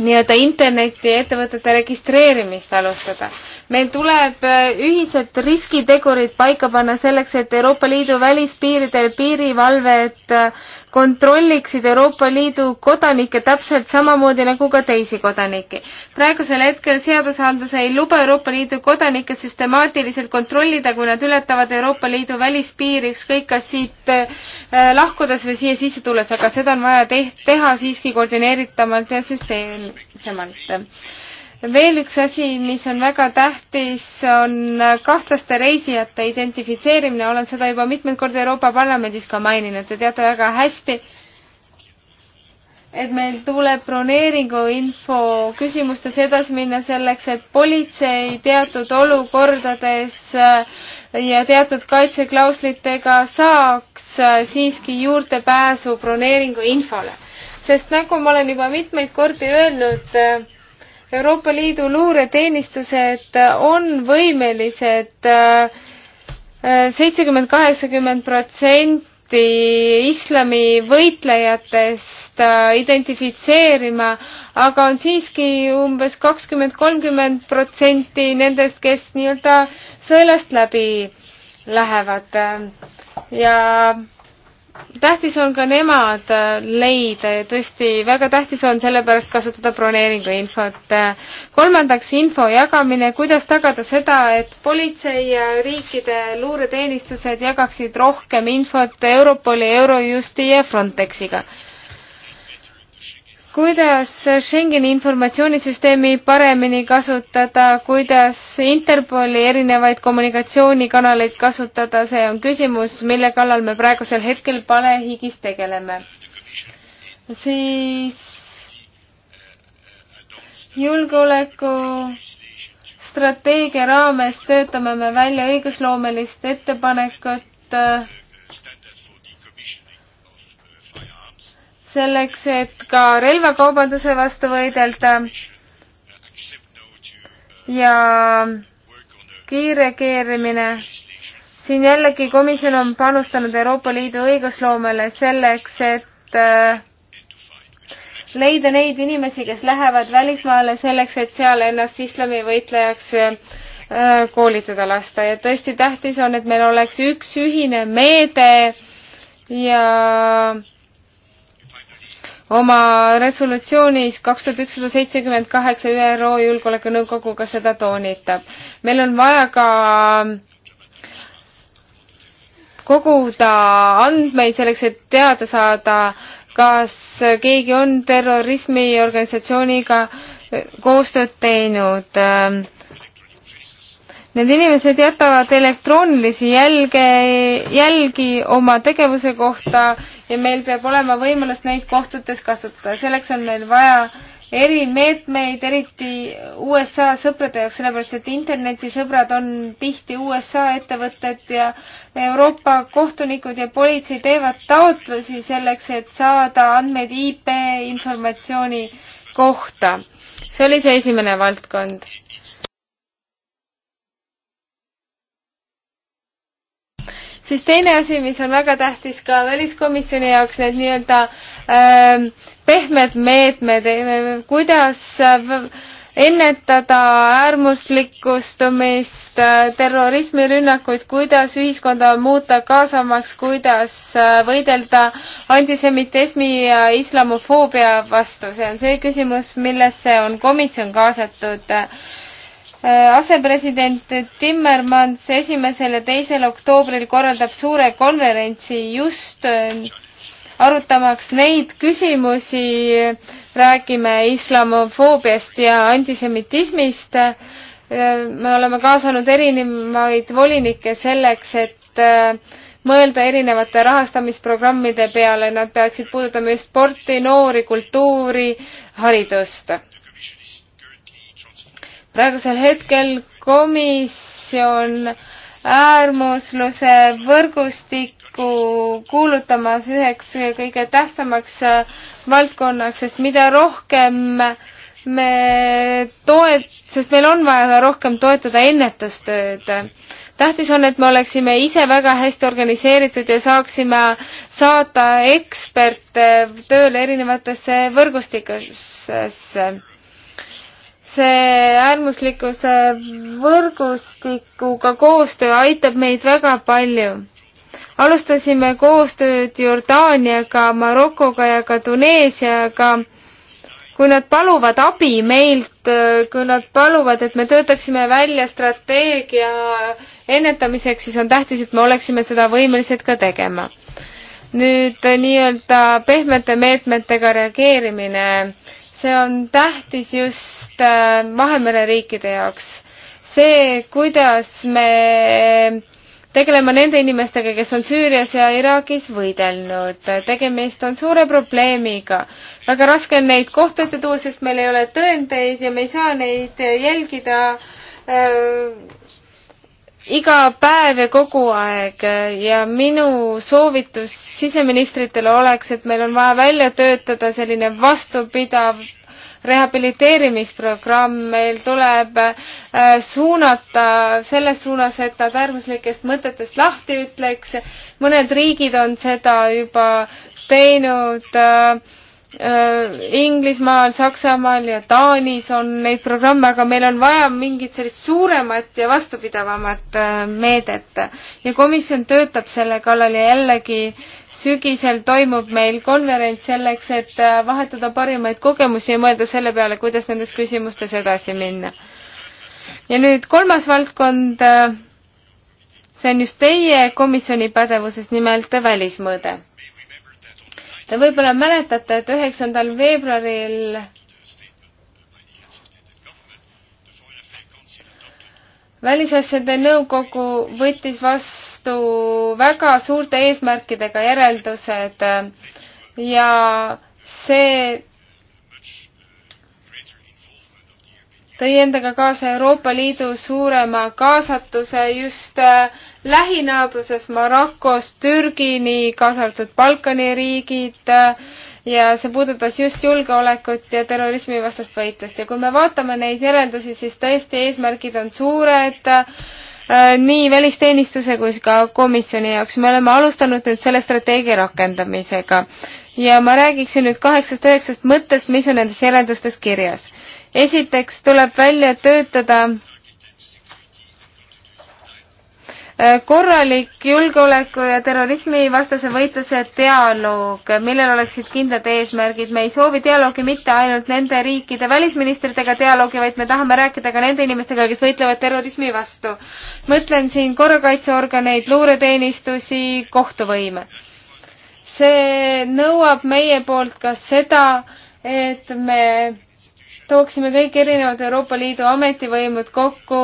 nii-öelda internetiettevõtete registreerimist alustada. meil tuleb äh, ühised riskitegurid paika panna selleks, et Euroopa Liidu välispiiridel piirivalvet äh, kontrolliksid Euroopa Liidu kodanikke täpselt samamoodi nagu ka teisi kodanikke. praegusel hetkel seadusandlus ei luba Euroopa Liidu kodanikke süstemaatiliselt kontrollida, kui nad ületavad Euroopa Liidu välispiiri, ükskõik kas siit äh, lahkudes või siia sisse tulles, aga seda on vaja teht-, teha siiski koordineeritamalt ja süsteemsemalt veel üks asi, mis on väga tähtis, on kahtlaste reisijate identifitseerimine, olen seda juba mitmeid kordi Euroopa Parlamendis ka maininud, te teate väga hästi, et meil tuleb broneeringuinfo küsimustes edasi minna selleks, et politsei teatud olukordades ja teatud kaitseklauslitega saaks siiski juurdepääsu broneeringuinfole. sest nagu ma olen juba mitmeid kordi öelnud, Euroopa Liidu luureteenistused on võimelised äh, seitsekümmend, kaheksakümmend protsenti islami võitlejatest äh, identifitseerima, aga on siiski umbes kakskümmend, kolmkümmend protsenti nendest, kes nii-öelda sõelast läbi lähevad ja tähtis on ka nemad äh, leida ja tõesti väga tähtis on sellepärast kasutada broneeringu infot. kolmandaks, info jagamine, kuidas tagada seda, et politsei ja riikide luureteenistused jagaksid rohkem infot Europoli, Eurojusti ja Frontexiga kuidas Schengeni informatsioonisüsteemi paremini kasutada, kuidas Interpoli erinevaid kommunikatsioonikanaleid kasutada, see on küsimus, mille kallal me praegusel hetkel palehigis tegeleme. siis julgeoleku strateegia raames töötame me välja õigusloomelist ettepanekut äh, selleks, et ka relvakaubanduse vastu võidelda ja kiire keerimine. siin jällegi komisjon on panustanud Euroopa Liidu õigusloomele selleks, et äh, leida neid inimesi, kes lähevad välismaale selleks, et seal ennast islamivõitlejaks äh, koolitada lasta ja tõesti tähtis on, et meil oleks üks ühine meede ja äh, oma resolutsioonis kaks tuhat ükssada seitsekümmend kaheksa ÜRO Julgeolekunõukoguga seda toonitab. meil on vaja ka koguda andmeid selleks, et teada saada, kas keegi on terrorismiorganisatsiooniga koostööd teinud. Need inimesed jätavad elektroonilisi jälge, jälgi oma tegevuse kohta ja meil peab olema võimalus neid kohtutes kasutada. selleks on meil vaja erimeetmeid, eriti USA sõprade jaoks, sellepärast et internetisõbrad on tihti USA ettevõtted ja Euroopa kohtunikud ja politsei teevad taotlusi selleks, et saada andmeid IP informatsiooni kohta. see oli see esimene valdkond siis teine asi, mis on väga tähtis ka väliskomisjoni jaoks, need nii-öelda äh, pehmed meetmed, kuidas äh, ennetada äärmuslikustumist, äh, terrorismirünnakuid, kuidas ühiskonda muuta kaasamaks, kuidas äh, võidelda antisemitismi ja islamofoobia vastu, see on see küsimus, millesse on komisjon kaasatud äh, Äh, asepresident Timmermans esimesel ja teisel oktoobril korraldab suure konverentsi just äh, arutamaks neid küsimusi, räägime islamofoobiast ja antisemitismist. Äh, me oleme kaasanud erinevaid volinikke selleks, et mõelda erinevate rahastamisprogrammide peale, nad peaksid puudutama just sporti, noori, kultuuri, haridust praegusel hetkel komisjon äärmusluse võrgustiku kuulutamas üheks kõige tähtsamaks valdkonnaks, sest mida rohkem me toet-, sest meil on vaja rohkem toetada ennetustööd. tähtis on, et me oleksime ise väga hästi organiseeritud ja saaksime saata eksperte tööle erinevatesse võrgustikesse see äärmuslikkuse võrgustikuga koostöö aitab meid väga palju. alustasime koostööd Jordaaniaga, Marokoga ja ka Tuneesiaga. kui nad paluvad abi meilt, kui nad paluvad, et me töötaksime välja strateegia ennetamiseks, siis on tähtis, et me oleksime seda võimelised ka tegema. nüüd nii-öelda pehmete meetmetega reageerimine see on tähtis just äh, Vahemere riikide jaoks. see, kuidas me tegelema nende inimestega, kes on Süürias ja Iraagis võidelnud. tegemist on suure probleemiga. väga raske on neid kohtu ette tuua, sest meil ei ole tõendeid ja me ei saa neid jälgida öö, äh, iga päev ja kogu aeg ja minu soovitus siseministritele oleks, et meil on vaja välja töötada selline vastupidav rehabiliteerimisprogramm, meil tuleb äh, suunata selles suunas, et nad äärmuslikest mõtetest lahti ütleks. mõned riigid on seda juba teinud äh, Äh, Inglismaal, Saksamaal ja Taanis on neid programme, aga meil on vaja mingit sellist suuremat ja vastupidavamat äh, meedet. ja komisjon töötab selle kallal ja jällegi sügisel toimub meil konverents selleks, et äh, vahetada parimaid kogemusi ja mõelda selle peale, kuidas nendes küsimustes edasi minna. ja nüüd kolmas valdkond, see on just teie komisjoni pädevuses, nimelt välismõõde Te võib-olla mäletate, et üheksandal veebruaril välisasjade nõukogu võttis vastu väga suurte eesmärkidega järeldused ja see tõi endaga kaasa Euroopa Liidu suurema kaasatuse just äh, lähinaabruses Marokost Türgini, kaasa arvatud Balkani riigid äh, ja see puudutas just julgeolekut ja terrorismivastast võitlust ja kui me vaatame neid järeldusi, siis tõesti eesmärgid on suured äh, nii välisteenistuse kui ka komisjoni jaoks. me oleme alustanud nüüd selle strateegia rakendamisega ja ma räägiksin nüüd kaheksast-üheksast mõttest, mis on nendes järeldustes kirjas. esiteks tuleb välja töötada Äh, korralik julgeoleku ja terrorismivastase võitluse dialoog, millel oleksid kindlad eesmärgid. me ei soovi dialoogi mitte ainult nende riikide välisministritega dialoogi, vaid me tahame rääkida ka nende inimestega, kes võitlevad terrorismi vastu. mõtlen siin korrakaitseorganeid, luureteenistusi, kohtuvõime. see nõuab meie poolt ka seda, et me tooksime kõik erinevad Euroopa Liidu ametivõimud kokku,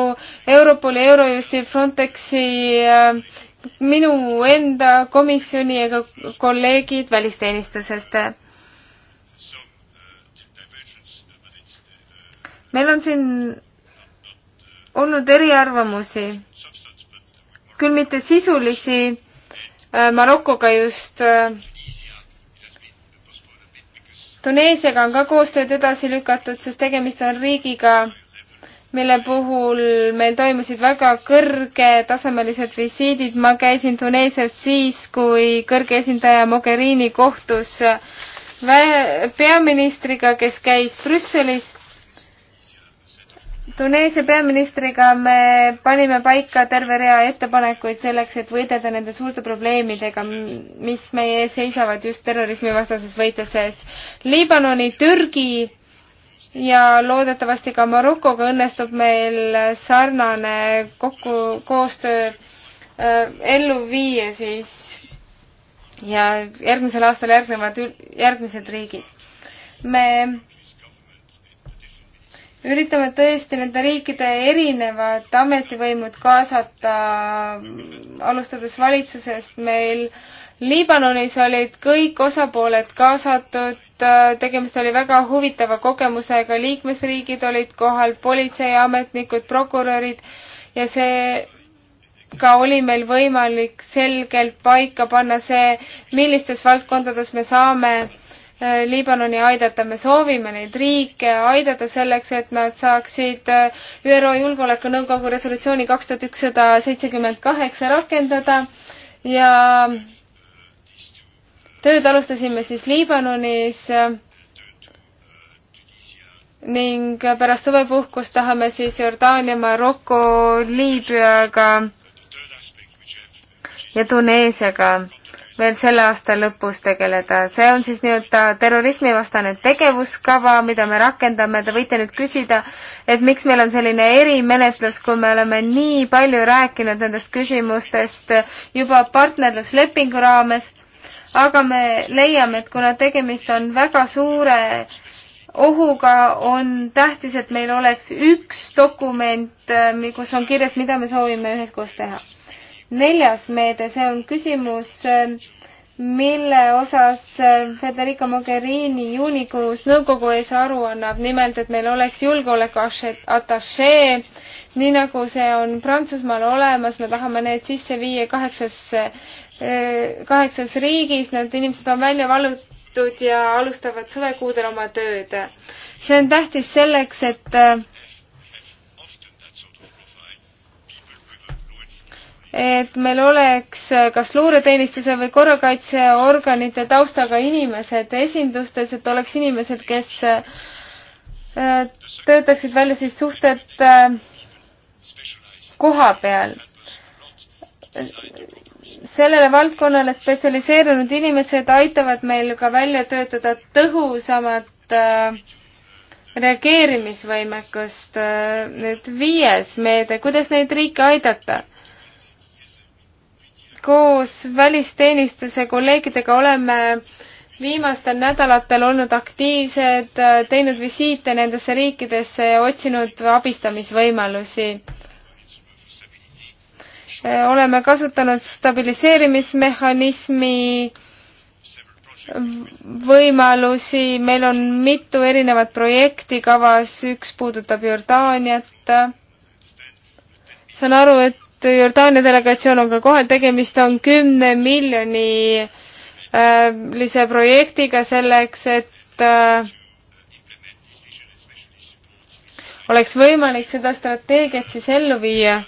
Europoli, Eurojusti, Frontexi, äh, minu enda komisjoni ja ka kolleegid välisteenistusest. meil on siin olnud eriarvamusi, küll mitte sisulisi, äh, Marokoga just äh, Tuneesiaga on ka koostööd edasi lükatud, sest tegemist on riigiga, mille puhul meil toimusid väga kõrgetasemelised visiidid. ma käisin Tuneesias siis, kui kõrge esindaja Mogherini kohtus peaministriga, kes käis Brüsselis Tuneesia peaministriga me panime paika terve rea ettepanekuid selleks, et võidelda nende suurte probleemidega, mis meie ees seisavad just terrorismivastases võitluses. Liibanoni, Türgi ja loodetavasti ka Marokoga õnnestub meil sarnane kokku, koostöö äh, ellu viia siis ja järgmisel aastal järgnevad, järgmised riigid. me üritavad tõesti nende riikide erinevad ametivõimud kaasata, alustades valitsusest meil Liibanonis olid kõik osapooled kaasatud, tegemist oli väga huvitava kogemusega, liikmesriigid olid kohal, politseiametnikud, prokurörid ja see ka oli meil võimalik selgelt paika panna see, millistes valdkondades me saame äh, Äh, Liibanoni aidata, me soovime neid riike aidata selleks, et nad saaksid äh, ÜRO Julgeolekunõukogu resolutsiooni kaks tuhat ükssada seitsekümmend kaheksa rakendada ja tööd alustasime siis Liibanonis äh, ning pärast suvepuhkust tahame siis Jordaania, Maroko, Liibüaga ja Tuneesiaga veel selle aasta lõpus tegeleda. see on siis nii-öelda terrorismivastane tegevuskava, mida me rakendame. Te võite nüüd küsida, et miks meil on selline erimenetlus, kui me oleme nii palju rääkinud nendest küsimustest juba partnerluslepingu raames. aga me leiame, et kuna tegemist on väga suure ohuga on tähtis, et meil oleks üks dokument, kus on kirjas, mida me soovime üheskoos teha neljas meede, see on küsimus, ähm, mille osas ähm, Federica Mogherini juunikuus nõukogu ees aru annab, nimelt et meil oleks julgeolekuatašee, nii nagu see on Prantsusmaal olemas, me tahame need sisse viia kaheksasse, äh, kaheksas riigis, need inimesed on välja valutud ja alustavad suvekuudel oma tööd. see on tähtis selleks, et äh, et meil oleks äh, kas luureteenistuse või korrakaitseorganite taustaga inimesed esindustes, et oleks inimesed, kes äh, töötaksid välja siis suhted äh, koha peal. sellele valdkonnale spetsialiseerunud inimesed aitavad meil ka välja töötada tõhusamat reageerimisvõimekust. nüüd viies meede, kuidas neid riike aidata koos välisteenistuse kolleegidega oleme viimastel nädalatel olnud aktiivsed, teinud visiite nendesse riikidesse ja otsinud abistamisvõimalusi. oleme kasutanud stabiliseerimismehhanismi võimalusi, meil on mitu erinevat projekti kavas, üks puudutab Jordaaniat. saan aru, et Jordaania delegatsioon on ka kohal, tegemist on kümne miljoni äh, lise projektiga selleks, et äh, oleks võimalik seda strateegiat siis ellu viia.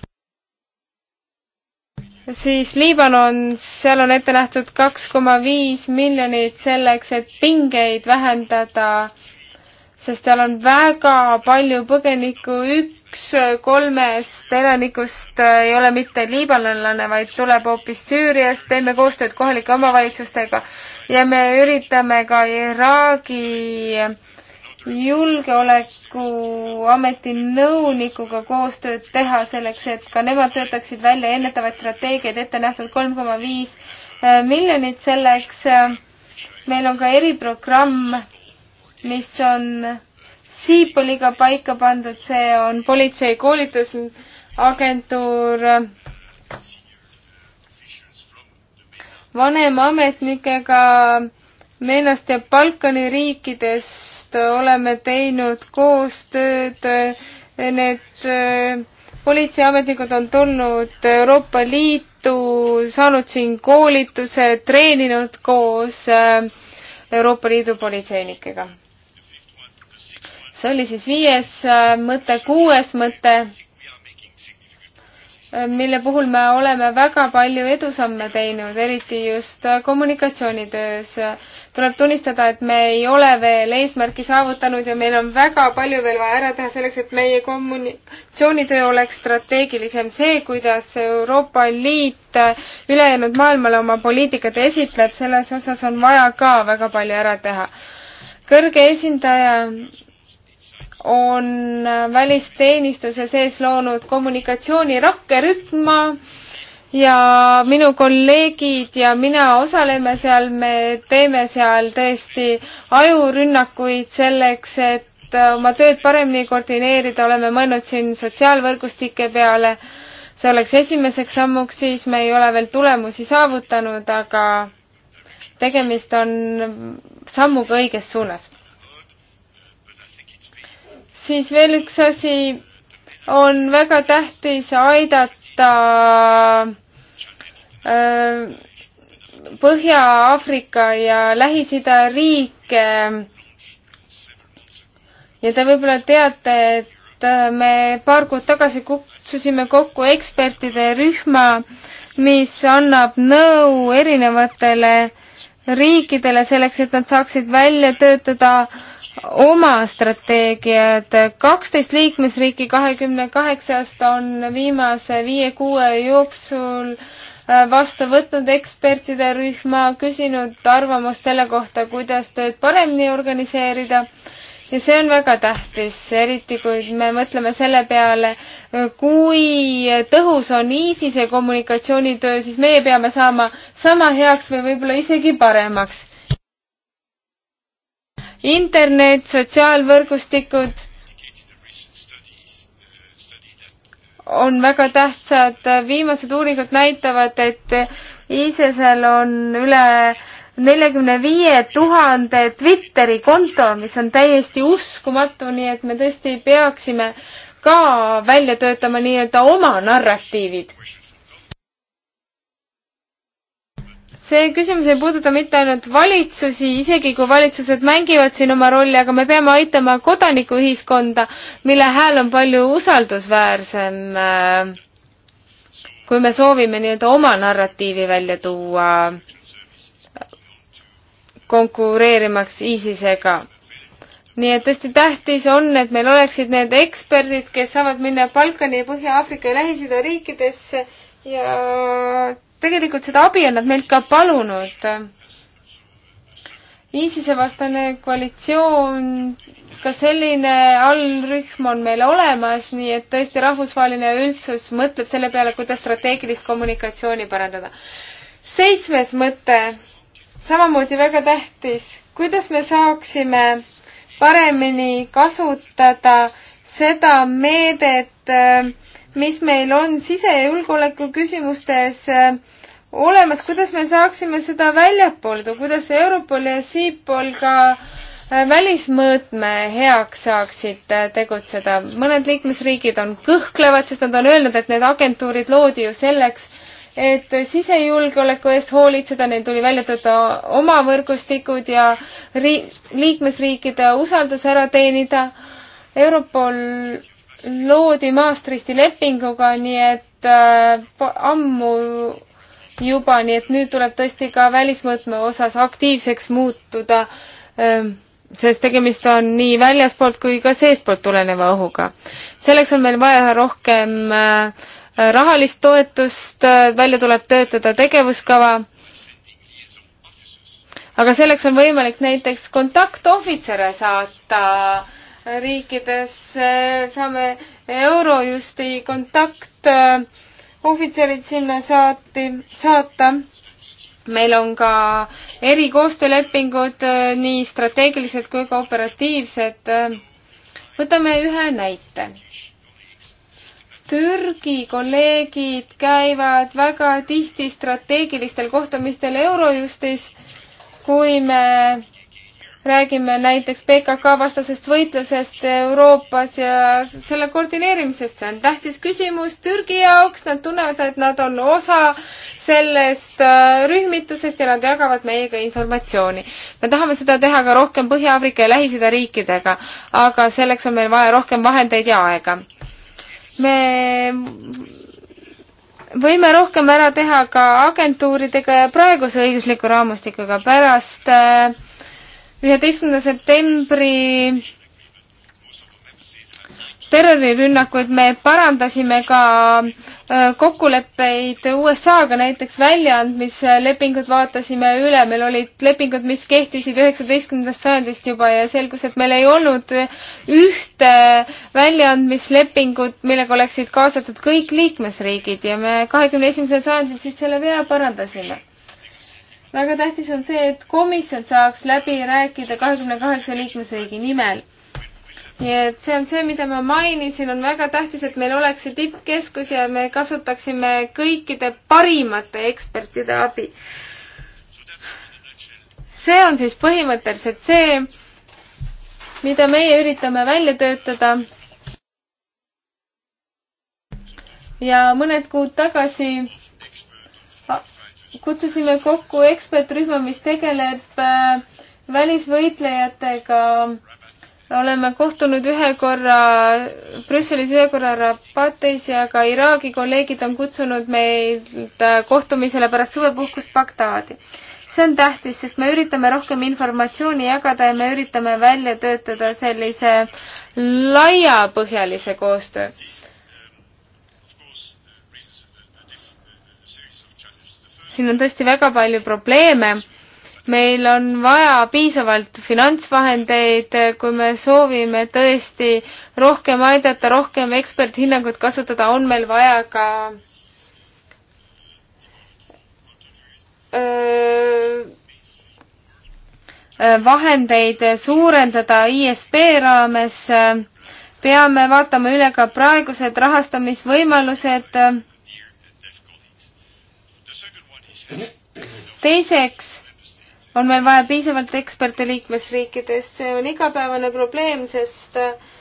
siis Liibanon, seal on ette nähtud kaks koma viis miljonit selleks, et pingeid vähendada, sest seal on väga palju põgenikku, üks kolmest elanikust ei ole mitte liibanonlane, vaid tuleb hoopis Süüriast, teeme koostööd kohalike omavalitsustega ja me üritame ka Iraagi julgeolekuameti nõunikuga koostööd teha selleks, et ka nemad töötaksid välja ennetavaid strateegiaid, ette nähtud kolm koma viis äh, miljonit selleks. meil on ka eriprogramm, mis on siip oli ka paika pandud, see on politsei koolitusagentuur vanemametnikega Meenast ja Balkani riikidest oleme teinud koostööd. Need äh, politseiametnikud on tulnud Euroopa Liitu, saanud siin koolituse, treeninud koos äh, Euroopa Liidu politseinikega see oli siis viies äh, mõte, kuues mõte, äh, mille puhul me oleme väga palju edusamme teinud, eriti just äh, kommunikatsioonitöös. tuleb tunnistada, et me ei ole veel eesmärki saavutanud ja meil on väga palju veel vaja ära teha selleks, et meie kommunikatsioonitöö oleks strateegilisem. see, kuidas Euroopa Liit ülejäänud maailmale oma poliitikat esitleb, selles osas on vaja ka väga palju ära teha. kõrge esindaja on välisteenistuse sees loonud kommunikatsiooni rakkerühma ja minu kolleegid ja mina osaleme seal, me teeme seal tõesti ajurünnakuid selleks, et oma tööd paremini koordineerida, oleme mõelnud siin sotsiaalvõrgustike peale. see oleks esimeseks sammuks, siis me ei ole veel tulemusi saavutanud, aga tegemist on sammuga õiges suunas siis veel üks asi on väga tähtis aidata äh, Põhja-Aafrika ja Lähis-Ida riike. ja te võib-olla teate, et äh, me paar kuud tagasi kutsusime kokku ekspertide rühma, mis annab nõu erinevatele riikidele selleks, et nad saaksid välja töötada äh, oma strateegiad. kaksteist liikmesriiki kahekümne kaheksast on viimase viie-kuue jooksul äh, vastu võtnud ekspertide rühma, küsinud arvamust selle kohta, kuidas tööd paremini organiseerida. ja see on väga tähtis, eriti kui me mõtleme selle peale, äh, kui tõhus on ISISe kommunikatsioonitöö, siis meie peame saama sama heaks või võib-olla isegi paremaks internet, sotsiaalvõrgustikud on väga tähtsad. viimased uuringud näitavad, et ISISel on üle neljakümne viie tuhande Twitteri konto, mis on täiesti uskumatu, nii et me tõesti peaksime ka välja töötama nii-öelda oma narratiivid see küsimus ei puuduta mitte ainult valitsusi, isegi kui valitsused mängivad siin oma rolli, aga me peame aitama kodanikuühiskonda, mille hääl on palju usaldusväärsem, äh, kui me soovime nii-öelda oma narratiivi välja tuua, konkureerimaks ISISega. nii et tõesti tähtis on, et meil oleksid need eksperdid, kes saavad minna Balkani ja Põhja-Aafrika ja Lähis-Ida riikidesse ja tegelikult seda abi on nad meilt ka palunud. ISISe vastane koalitsioon, ka selline allrühm on meil olemas, nii et tõesti rahvusvaheline üldsus mõtleb selle peale, kuidas strateegilist kommunikatsiooni parandada. seitsmes mõte, samamoodi väga tähtis, kuidas me saaksime paremini kasutada seda meedet äh, mis meil on sisejulgeoleku küsimustes äh, olemas, kuidas me saaksime seda väljapool tuua, kuidas Europol ja Siipol ka äh, välismõõtme heaks saaksid äh, tegutseda. mõned liikmesriigid on kõhklevad, sest nad on öelnud, et need agentuurid loodi ju selleks, et sisejulgeoleku eest hoolitseda, neil tuli välja töötada oma võrgustikud ja ri-, liikmesriikide usaldus ära teenida. Europol loodi Maastrichti lepinguga, nii et äh, ammu juba, nii et nüüd tuleb tõesti ka välismõõtme osas aktiivseks muutuda äh,, sest tegemist on nii väljaspoolt kui ka seestpoolt tuleneva ohuga. selleks on meil vaja rohkem äh, rahalist toetust äh,, välja tuleb töötada tegevuskava, aga selleks on võimalik näiteks kontaktohvitsere saata äh, riikides saame Eurojusti kontaktohvitserid äh, sinna saati, saata. meil on ka erikoostöölepingud, äh, nii strateegilised kui ka operatiivsed. võtame ühe näite. Türgi kolleegid käivad väga tihti strateegilistel kohtumistel Eurojustis, kui me räägime näiteks PKK vastasest võitlusest Euroopas ja selle koordineerimisest, see on tähtis küsimus Türgi jaoks, nad tunnevad, et nad on osa sellest äh, rühmitusest ja nad jagavad meiega informatsiooni. me tahame seda teha ka rohkem Põhja-Aafrika ja Lähis-Ida riikidega, aga selleks on meil vaja rohkem vahendeid ja aega. me võime rohkem ära teha ka agentuuridega ja praeguse õigusliku raamistikuga pärast äh, üheteistkümnenda septembri terrorirünnakuid me parandasime ka äh, kokkuleppeid USA-ga, näiteks väljaandmislepingud vaatasime üle, meil olid lepingud, mis kehtisid üheksateistkümnendast sajandist juba ja selgus, et meil ei olnud ühte väljaandmislepingut, millega oleksid kaasatud kõik liikmesriigid ja me kahekümne esimesel sajandil siis selle vea parandasime väga tähtis on see, et komisjon saaks läbi rääkida kahekümne kaheksa liikmesriigi nimel nii et see on see, mida ma mainisin, on väga tähtis, et meil oleks see tippkeskus ja me kasutaksime kõikide parimate ekspertide abi. see on siis põhimõtteliselt see, mida meie üritame välja töötada. ja mõned kuud tagasi kutsusime kokku ekspertrühma, mis tegeleb äh, välisvõitlejatega. oleme kohtunud ühe korra Brüsselis, ühe korra Rabatis ja ka Iraagi kolleegid on kutsunud meid äh, kohtumisele pärast suvepuhkust Bagdaadi. see on tähtis, sest me üritame rohkem informatsiooni jagada ja me üritame välja töötada sellise laiapõhjalise koostöö siin on tõesti väga palju probleeme. meil on vaja piisavalt finantsvahendeid, kui me soovime tõesti rohkem aidata, rohkem eksperthinnangut kasutada, on meil vaja ka öö, vahendeid suurendada ISP raames, peame vaatama üle ka praegused rahastamisvõimalused teiseks on meil vaja piisavalt eksperte liikmesriikidest, see on igapäevane probleem, sest äh,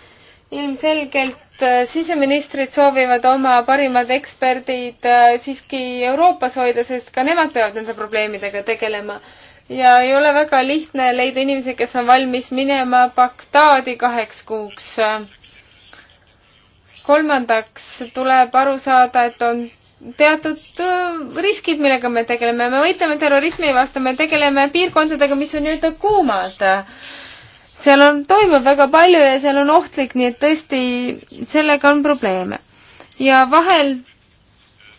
ilmselgelt äh, siseministrid soovivad oma parimad eksperdid äh, siiski Euroopas hoida, sest ka nemad peavad nende probleemidega tegelema. ja ei ole väga lihtne leida inimesi, kes on valmis minema Bagdaadi kaheks kuuks. kolmandaks tuleb aru saada, et on teatud äh, riskid, millega me tegeleme, me võitleme terrorismi vastu, me tegeleme piirkondadega, mis on nii-öelda kuumad. seal on, toimub väga palju ja seal on ohtlik, nii et tõesti, sellega on probleeme. ja vahel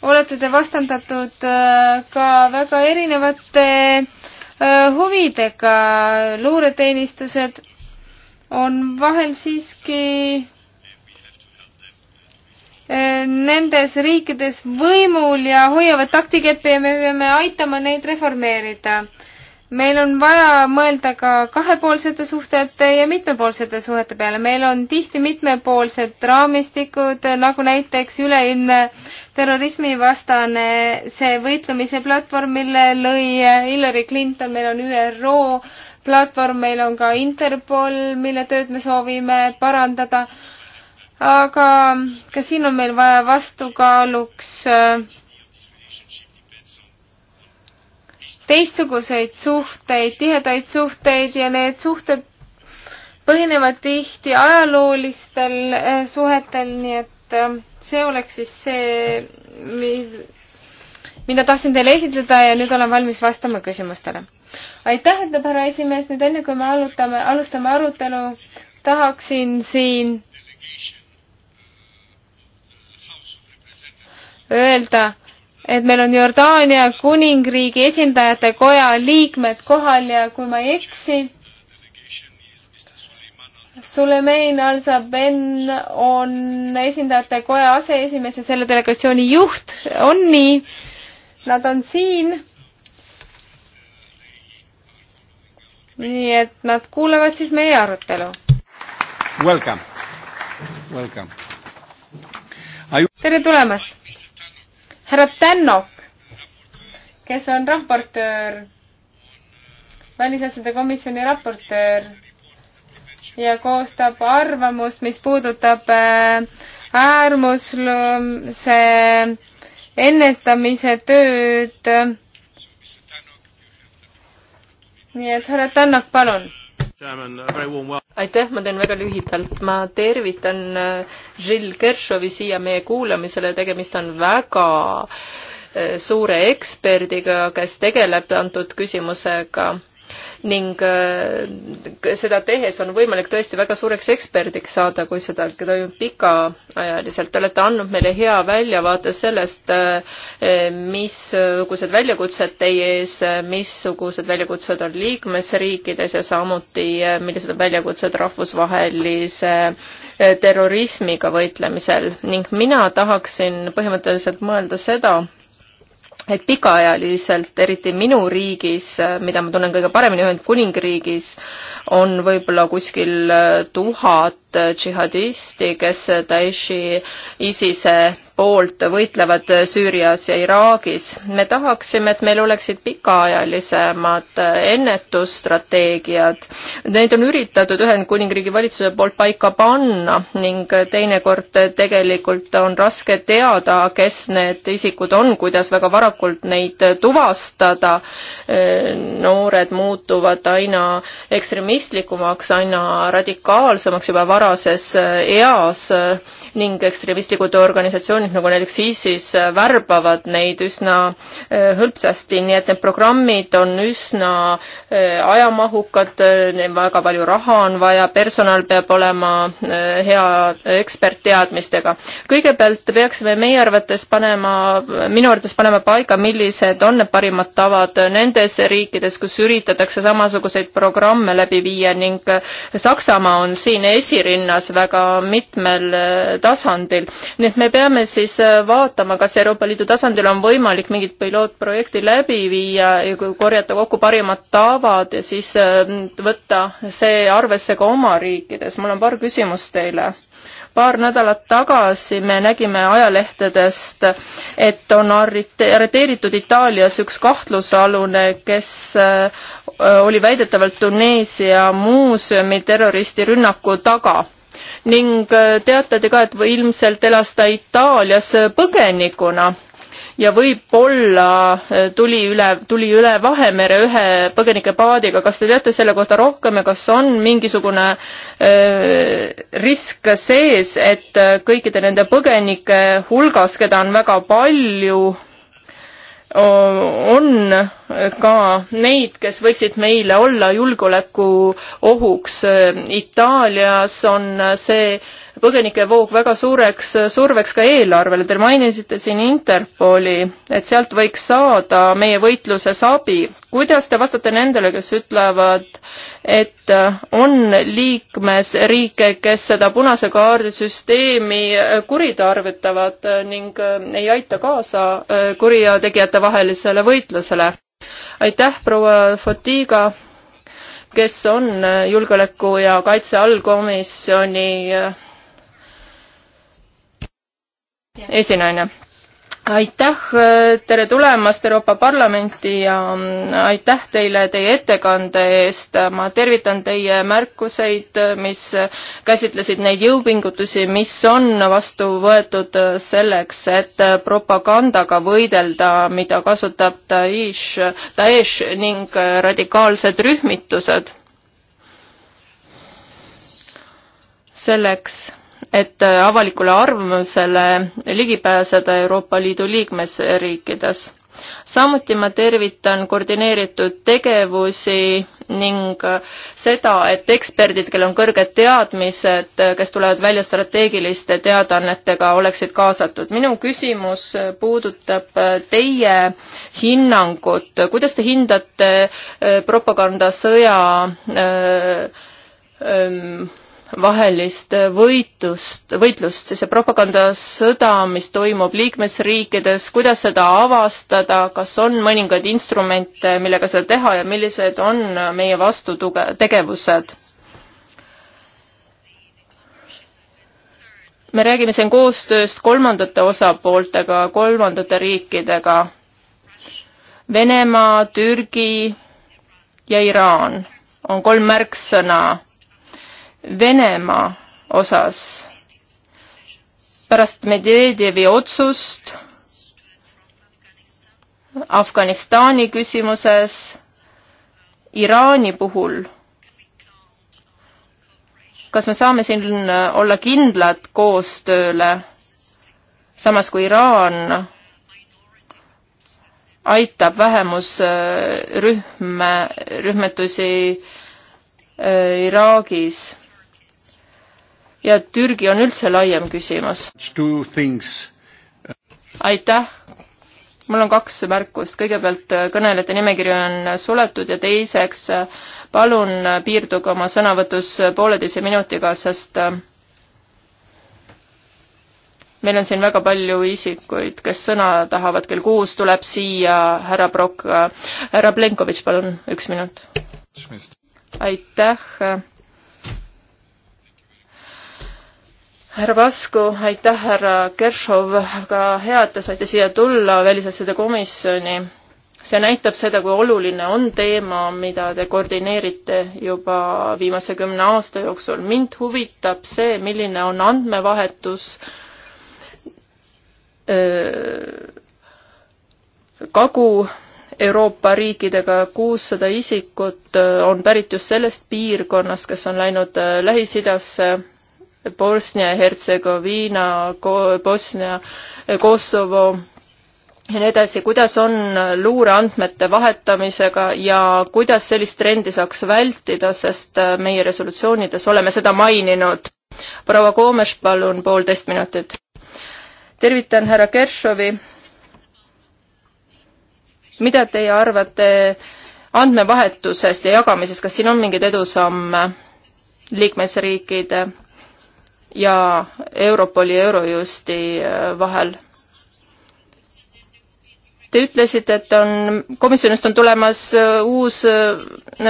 olete te vastandatud äh, ka väga erinevate äh, huvidega, luureteenistused on vahel siiski nendes riikides võimul ja hoiavad taktikeppi ja me peame aitama neid reformeerida. meil on vaja mõelda ka kahepoolsete suhete ja mitmepoolsete suhete peale. meil on tihti mitmepoolsed raamistikud, nagu näiteks üleilmne terrorismivastane see võitlemise platvorm, mille lõi Hillary Clinton, meil on ÜRO platvorm, meil on ka Interpol, mille tööd me soovime parandada aga ka siin on meil vaja vastukaaluks äh, teistsuguseid suhteid, tihedaid suhteid ja need suhted põhinevad tihti ajaloolistel äh, suhetel, nii et äh, see oleks siis see, mida tahtsin teile esitleda ja nüüd olen valmis vastama küsimustele. aitäh, ütleb härra esimees, nüüd enne kui me alutame, alustame arutelu, tahaksin siin öelda, et meil on Jordaania kuningriigi esindajate koja liikmed kohal ja kui ma ei eksi, Sulemein Al-Zaben on esindajate koja aseesimees ja selle delegatsiooni juht on nii. Nad on siin. nii et nad kuulavad siis meie arutelu. Welcome, welcome. tere tulemast härra Tännok, kes on raportöör, välisasjade komisjoni raportöör ja koostab arvamust, mis puudutab äh, äärmusluse ennetamise tööd. nii et härra Tannak, palun aitäh, ma teen väga lühidalt, ma tervitan Žil äh, Kershovi siia meie kuulamisele, tegemist on väga äh, suure eksperdiga, kes tegeleb antud küsimusega ning äh, seda tehes on võimalik tõesti väga suureks eksperdiks saada, kui seda toimub pikaajaliselt. Te olete andnud meile hea väljavaate sellest, äh, missugused väljakutsed teie ees, missugused väljakutsed on liikmesriikides ja samuti, äh, millised on väljakutsed rahvusvahelise terrorismiga võitlemisel ning mina tahaksin põhimõtteliselt mõelda seda, et pikaajaliselt, eriti minu riigis, mida ma tunnen kõige paremini Ühendkuningriigis, on võib-olla kuskil tuhat Äh, džihadisti, kes Daeshi, ISISe poolt võitlevad Süürias ja Iraagis. me tahaksime, et meil oleksid pikaajalisemad äh, ennetusstrateegiad. Neid on üritatud Ühendkuningriigi valitsuse poolt paika panna ning teinekord tegelikult on raske teada, kes need isikud on, kuidas väga varakult neid tuvastada. Äh, noored muutuvad aina ekstremistlikumaks, aina radikaalsemaks juba varem varases äh, eas äh, ning ekstremistlikud organisatsioonid nagu näiteks ISIS äh, värbavad neid üsna hõlpsasti, nii et need programmid on üsna ajamahukad, väga palju raha on vaja, personal peab olema hea ekspertteadmistega. kõigepealt peaksime meie arvates panema, minu arvates panema paika, millised on need parimad tavad nendes riikides, kus üritatakse samasuguseid programme läbi viia ning Saksamaa on siin esiriik, esirinnas väga mitmel äh, tasandil. nii et me peame siis äh, vaatama, kas Euroopa Liidu tasandil on võimalik mingit pilootprojekti läbi viia ja korjata kokku parimad tavad ja siis äh, võtta see arvesse ka oma riikides. mul on paar küsimust teile paar nädalat tagasi me nägime ajalehtedest, et on arreteeritud Itaalias üks kahtlusalune, kes Äh, oli väidetavalt Tuneesia muuseumi terroristirünnaku taga ning äh, teatati ka, et ilmselt elas ta Itaalias äh, põgenikuna ja võib-olla tuli üle, tuli üle Vahemere ühe põgenikepaadiga. kas te teate selle kohta rohkem ja kas on mingisugune äh, risk sees, et kõikide nende põgenike hulgas, keda on väga palju, on ka neid, kes võiksid meile olla julgeolekuohuks. Itaalias on see äh, põgenikevoog väga suureks surveks ka eelarvele. Te mainisite siin Interpoli, et sealt võiks saada meie võitluses abi. kuidas te vastate nendele, kes ütlevad, et on liikmesriike, kes seda punase kaardi süsteemi kuritarvitavad ning ei aita kaasa kurjategijate vahelisele võitlusele? aitäh, proua Fotiga kes on julgeoleku ja kaitse allkomisjoni esinaine aitäh, äh, tere tulemast Euroopa Parlamenti ja mm, aitäh teile teie ettekande eest. ma tervitan teie märkuseid, mis käsitlesid neid jõupingutusi, mis on vastu võetud selleks, et propagandaga võidelda, mida kasutab Daesh, Daesh ning radikaalsed rühmitused. selleks et äh, avalikule arvamusele ligi pääseda Euroopa Liidu liikmesriikides. samuti ma tervitan koordineeritud tegevusi ning äh, seda, et eksperdid, kellel on kõrged teadmised, äh, kes tulevad välja strateegiliste teadaannetega, oleksid kaasatud. minu küsimus puudutab teie hinnangut, kuidas te hindate propagandasõja öö, öö, ähm, vahelist võitlust, võitlust, see propagandasõda, mis toimub liikmesriikides, kuidas seda avastada, kas on mõningaid instrumente, millega seda teha ja millised on meie vastutuge-, tegevused? me räägime siin koostööst kolmandate osapooltega, kolmandate riikidega. Venemaa, Türgi ja Iraan on kolm märksõna Venemaa osas pärast Medvedjevi otsust Afganistani küsimuses, Iraani puhul, kas me saame siin olla kindlad koostööle, samas kui Iraan aitab vähemusrühme, rühmetusi äh, Iraagis ja Türgi on üldse laiem küsimus. aitäh. mul on kaks märkust, kõigepealt äh, kõnelejate nimekiri on suletud ja teiseks äh, palun äh, piirduge oma sõnavõtus pooleteise minutiga, sest meil on siin väga palju isikuid, kes sõna tahavad, kell kuus tuleb siia härra Prokk, härra Plenkovitš, palun, üks minut. aitäh härra Vasku, aitäh, härra Kershov, väga hea, et te saite siia tulla välisasjade komisjoni. see näitab seda, kui oluline on teema, mida te koordineerite juba viimase kümne aasta jooksul. mind huvitab see, milline on andmevahetus Kagu-Euroopa riikidega kuussada isikut on pärit just sellest piirkonnast, kes on läinud Lähis-Idasse Bosnia ja Hertsegoviina, Bosnia, Kosovo ja nii edasi, kuidas on luureandmete vahetamisega ja kuidas sellist trendi saaks vältida, sest äh, meie resolutsioonides oleme seda maininud. proua Koomes, palun poolteist minutit. tervitan härra Kershovi. mida teie arvate andmevahetusest ja jagamisest, kas siin on mingeid edusamme liikmesriikide ja Europoli, Eurojusti äh, vahel Te ütlesite, et on, komisjonist on tulemas äh, uus äh,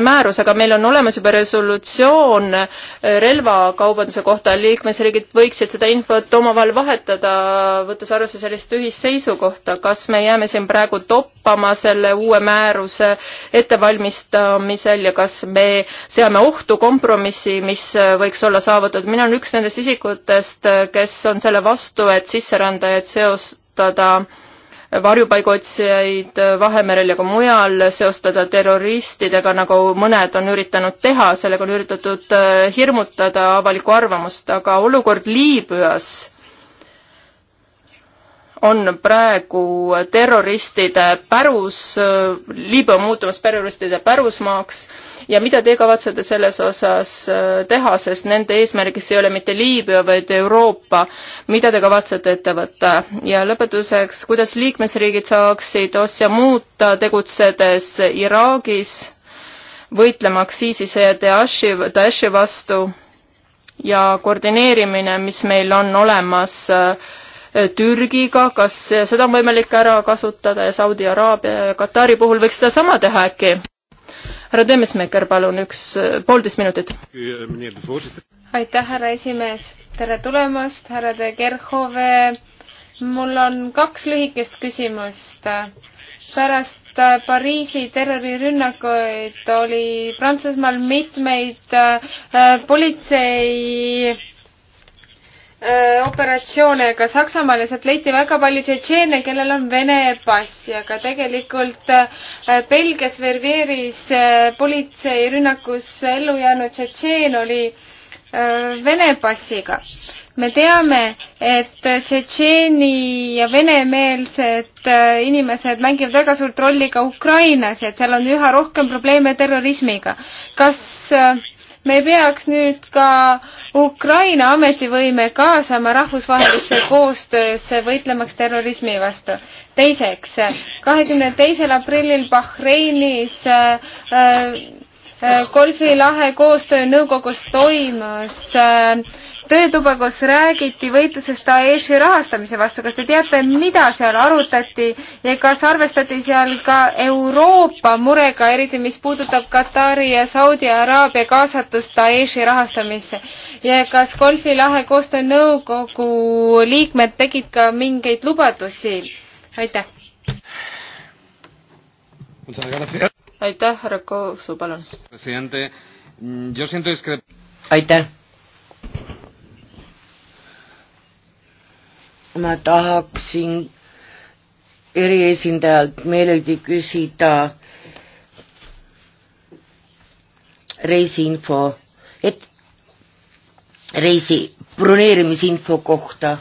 määrus, aga meil on olemas juba resolutsioon äh, relvakaubanduse kohta, liikmesriigid võiksid seda infot omavahel vahetada, võttes arvesse sellist ühist seisukohta, kas me jääme siin praegu toppama selle uue määruse ettevalmistamisel ja kas me seame ohtu kompromissi, mis võiks olla saavutatud, mina olen üks nendest isikutest, kes on selle vastu, et sisserändajaid seostada varjupaigaotsijaid Vahemerel ja ka mujal seostada terroristidega, nagu mõned on üritanud teha, sellega on üritatud äh, hirmutada avalikku arvamust, aga olukord Liibüas on praegu terroristide pärus, äh, Liibüa muutumas terroristide pärusmaaks ja mida te kavatsete selles osas äh, teha, sest nende eesmärgiks ei ole mitte Liibüa, vaid Euroopa. mida te kavatsete ette võtta? ja lõpetuseks, kuidas liikmesriigid saaksid OSCE muuta, tegutsedes Iraagis, võitlemaks ISISe ja Daeshi, Daeshi vastu ja koordineerimine, mis meil on olemas äh, Türgiga, kas seda on võimalik ära kasutada ja Saudi Araabia ja Katari puhul võiks sedasama teha äkki? härra Tõmmesmäker, palun üks, poolteist minutit. aitäh, härra esimees. tere tulemast, härra De Kerhove. mul on kaks lühikest küsimust. pärast äh, Pariisi terrorirünnakuid oli Prantsusmaal mitmeid äh, politsei Äh, operatsioone ka Saksamaal ja sealt leiti väga palju tšetšeene, kellel on Vene pass ja ka tegelikult äh, Belgias Verveeris äh, politseirünnakus ellu jäänud tšetšeen oli Vene passiga. me teame, et tšetšeeni ja venemeelsed inimesed mängivad väga suurt rolli ka Ukrainas ja et seal on üha rohkem probleeme terrorismiga. kas äh, me peaks nüüd ka Ukraina ametivõime kaasama rahvusvahelisse koostöösse võitlemaks terrorismi vastu. teiseks, kahekümne teisel aprillil Bahreinis äh, äh, äh Golfi lahe koostöönõukogus toimus äh, töötubakus räägiti võitlusest Daeshi rahastamise vastu. kas te teate, mida seal arutati ja kas arvestati seal ka Euroopa murega, eriti mis puudutab Katari ja Saudi Araabia kaasatust Daeshi rahastamisse? ja kas Golfi lahe koostöönõukogu liikmed tegid ka mingeid lubadusi? aitäh. aitäh, härra Koosu, palun. aitäh ma tahaksin eriesindajalt meeleldi küsida reisiinfo, et reisi broneerimisinfo kohta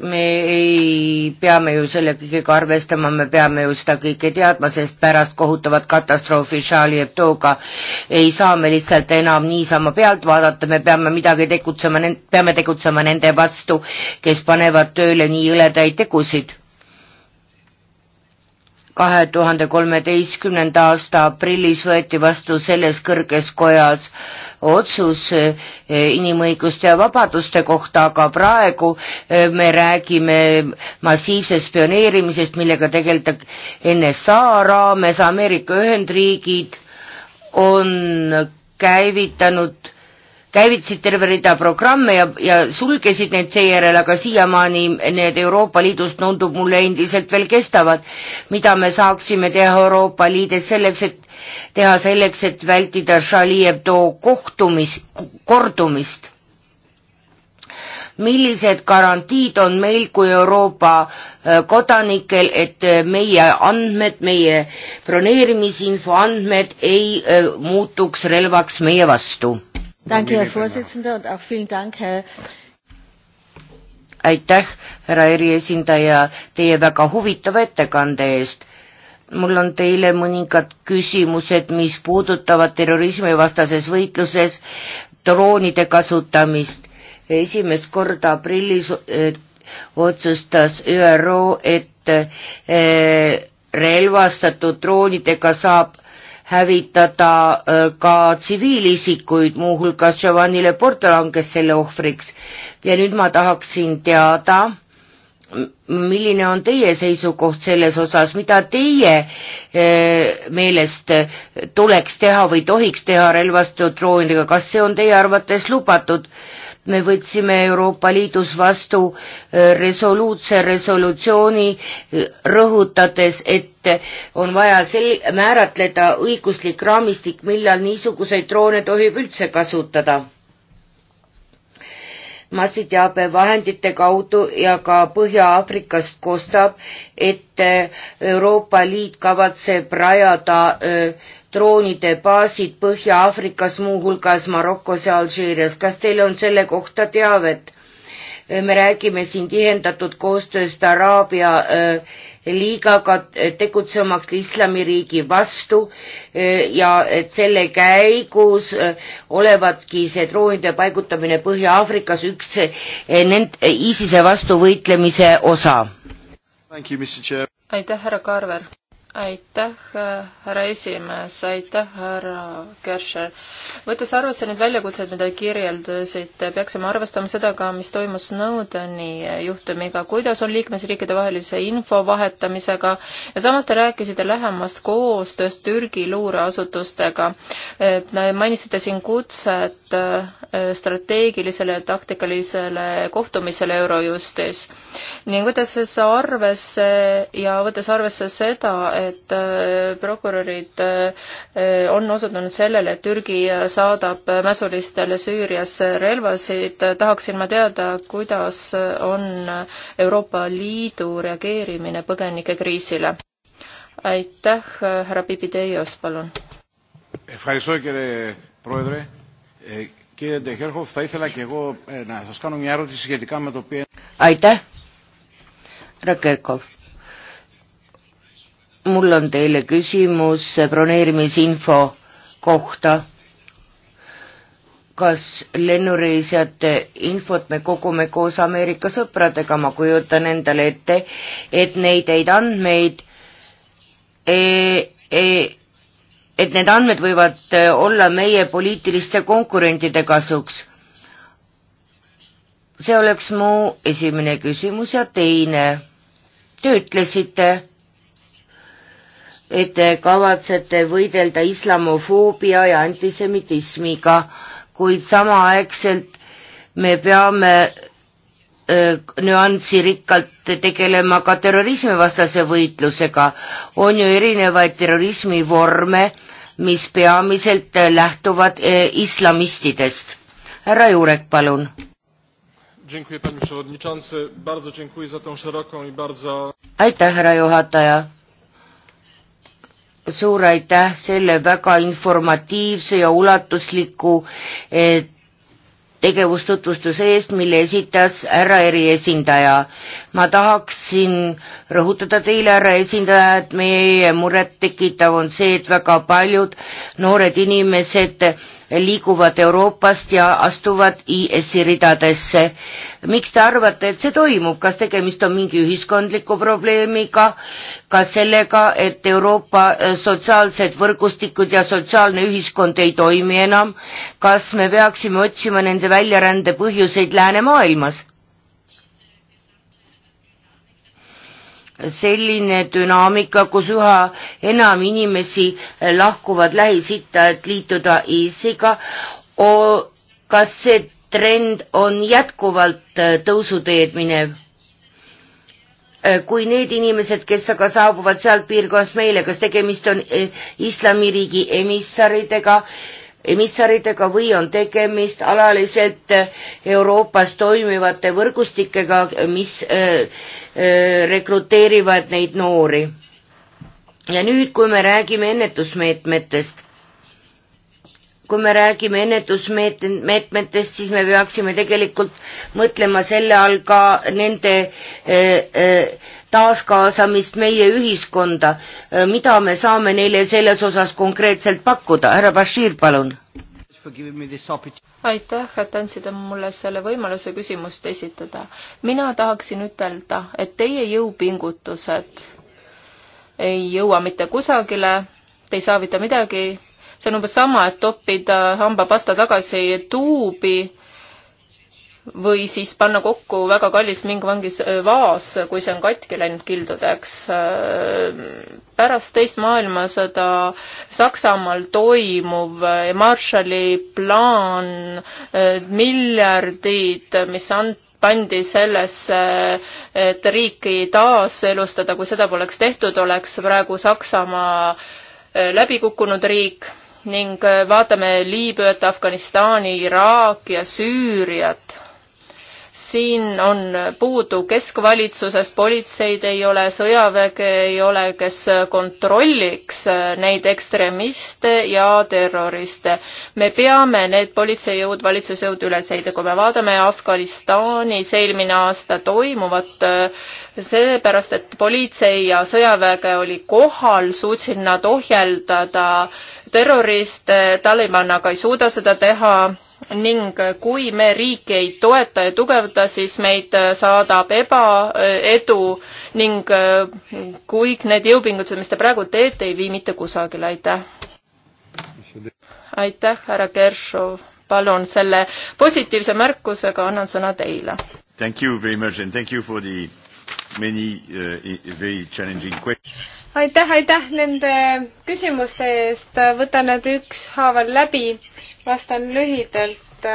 me ei, peame ju selle kõigega arvestama, me peame ju seda kõike teadma, sest pärast kohutavat katastroofi Charlie Hebdo'ga ei saa me lihtsalt enam niisama pealt vaadata, me peame midagi tegutsema, peame tegutsema nende vastu, kes panevad tööle nii hõledaid tegusid kahe tuhande kolmeteistkümnenda aasta aprillis võeti vastu selles kõrges kojas otsus eh, inimõiguste ja vabaduste kohta, aga praegu eh, me räägime massiivsest spioneerimisest, millega tegeleda NSA raames, Ameerika Ühendriigid on käivitanud käivitasid terve rida programme ja, ja sulgesid need seejärel, aga siiamaani need Euroopa Liidus tundub mulle endiselt veel kestavad. mida me saaksime teha Euroopa Liides selleks, et teha selleks, et vältida Charlie Hebdo kohtumis, kordumist? millised garantiid on meil kui Euroopa äh, kodanikel, et äh, meie andmed, meie broneerimisinfo andmed ei äh, muutuks relvaks meie vastu? Danke, Herr Vorsitzender, und auch vielen Dank, Herr aitäh, härra eriesindaja, teie väga huvitava ettekande eest. mul on teile mõningad küsimused, mis puudutavad terrorismivastases võitluses droonide kasutamist. esimest korda aprillis öö, eh, otsustas ÜRO, et öö, eh, relvastatud droonidega saab hävitada äh, ka tsiviilisikuid, muuhulgas Giovanni Le Porto langes selle ohvriks. ja nüüd ma tahaksin teada, milline on teie seisukoht selles osas, mida teie äh, meelest tuleks teha või tohiks teha relvastatud droonidega, kas see on teie arvates lubatud? me võtsime Euroopa Liidus vastu äh, resoluutse resolutsiooni, äh, rõhutades, et on vaja sel-, määratleda õiguslik raamistik, millal niisuguseid droone tohib üldse kasutada massiteabevahendite kaudu ja ka Põhja-Aafrikast kostab, et äh, Euroopa Liit kavatseb rajada öö, droonide baasid Põhja-Aafrikas, muuhulgas Marokos ja Alžeerias. kas teil on selle kohta teavet? me räägime siin tihendatud koostööst Araabia äh, liigaga äh, tegutsemaks islamiriigi vastu äh, ja et selle käigus olevatki see droonide paigutamine Põhja-Aafrikas üks nend-, ISISe vastu võitlemise osa. aitäh, härra Kaarver! aitäh, härra esimees, aitäh, härra Kerscher. võttes arvesse neid väljakutseid, mida kirjeldasite, peaksime arvestama seda ka, mis toimus Snowdeni juhtumiga, kuidas on liikmesriikide vahelise info vahetamisega ja samas te rääkisite lähemast koostööst Türgi luureasutustega. mainisite siin kutset eh, strateegilisele ja taktikalisele kohtumisele Eurojustis ning võttes arvesse ja võttes arvesse seda, rahvusvahelised äh, prokurörid äh, on osutanud sellele, et Türgi saadab mässulistele Süürias relvasid. tahaksin ma teada, kuidas on Euroopa Liidu reageerimine põgenikekriisile? aitäh, härra Pipideios, palun. aitäh, härra Kerkhoff mul on teile küsimus broneerimisinfo kohta. kas lennureisijate infot me kogume koos Ameerika sõpradega, ma kujutan endale ette, et neid häid andmeid e, e, et need andmed võivad olla meie poliitiliste konkurentide kasuks. see oleks mu esimene küsimus ja teine. Te ütlesite et te kavatsete võidelda islamofoobia ja antisemitismiga, kuid samaaegselt me peame äh, nüanssi rikkalt tegelema ka terrorismivastase võitlusega. on ju erinevaid terrorismi vorme, mis peamiselt äh, lähtuvad äh, islamistidest. härra Jurek, palun. aitäh, härra juhataja suur aitäh selle väga informatiivse ja ulatusliku eh, tegevustutvustuse eest, mille esitas härra eriesindaja. ma tahaksin rõhutada teile, härra esindaja, et meie muret tekitav on see, et väga paljud noored inimesed liiguvad Euroopast ja astuvad IS-i ridadesse. miks te arvate, et see toimub, kas tegemist on mingi ühiskondliku probleemiga, ka sellega, et Euroopa eh, sotsiaalsed võrgustikud ja sotsiaalne ühiskond ei toimi enam, kas me peaksime otsima nende väljarände põhjuseid läänemaailmas? selline dünaamika, kus üha enam inimesi eh, lahkuvad Lähis-Itta, et liituda ISISiga. kas see trend on jätkuvalt eh, tõusuteed minev? Eh, kui need inimesed, kes aga saabuvad sealt piirkonnast meile, kas tegemist on islamiriigi emissaridega äh, emissaridega või on tegemist alaliselt Euroopas toimivate võrgustikega, mis äh, äh, rekruteerivad neid noori. ja nüüd, kui me räägime ennetusmeetmetest, kui me räägime ennetusmeetmetest, siis me peaksime tegelikult mõtlema selle all ka nende eh, eh, taaskaasamist meie ühiskonda. Eh, mida me saame neile selles osas konkreetselt pakkuda? härra Bashir, palun. aitäh, et andsite mulle selle võimaluse küsimust esitada. mina tahaksin ütelda, et teie jõupingutused ei jõua mitte kusagile, te ei saavuta midagi see on umbes sama, et toppida hambapasta tagasi tuubi või siis panna kokku väga kallis mingvangis äh, vaas, kui see on katki läinud kildudeks. Äh, pärast teist maailmasõda Saksamaal toimuv äh, Marshalli plaan, miljardid, mis anti pandi sellesse, et riiki taaselustada, kui seda poleks tehtud, oleks praegu Saksamaa läbi kukkunud riik ning äh, vaatame Liibüat, Afganistani, Iraaki ja Süüriat, siin on puudu keskvalitsusest, politseid ei ole, sõjaväge ei ole, kes kontrolliks äh, neid ekstremiste ja terroriste. me peame need politseijõud, valitsusjõud üles heida, kui me vaatame Afganistanis eelmine aasta toimuvat, äh, seepärast, et politsei ja sõjaväge oli kohal, suutsid nad ohjeldada äh, terrorist, eh, Taliban aga ei suuda seda teha ning eh, kui me riiki ei toeta ja tugevda, siis meid eh, saadab ebaedu ning kõik need jõupingutused, mis te praegu teete, ei vii mitte kusagile, aitäh. aitäh, härra Kershov, palun selle positiivse märkusega annan sõna teile. Thank you very much and thank you for the many uh, very challenging questions. aitäh, aitäh nende küsimuste eest, võtan need ükshaaval läbi, vastan lühidalt.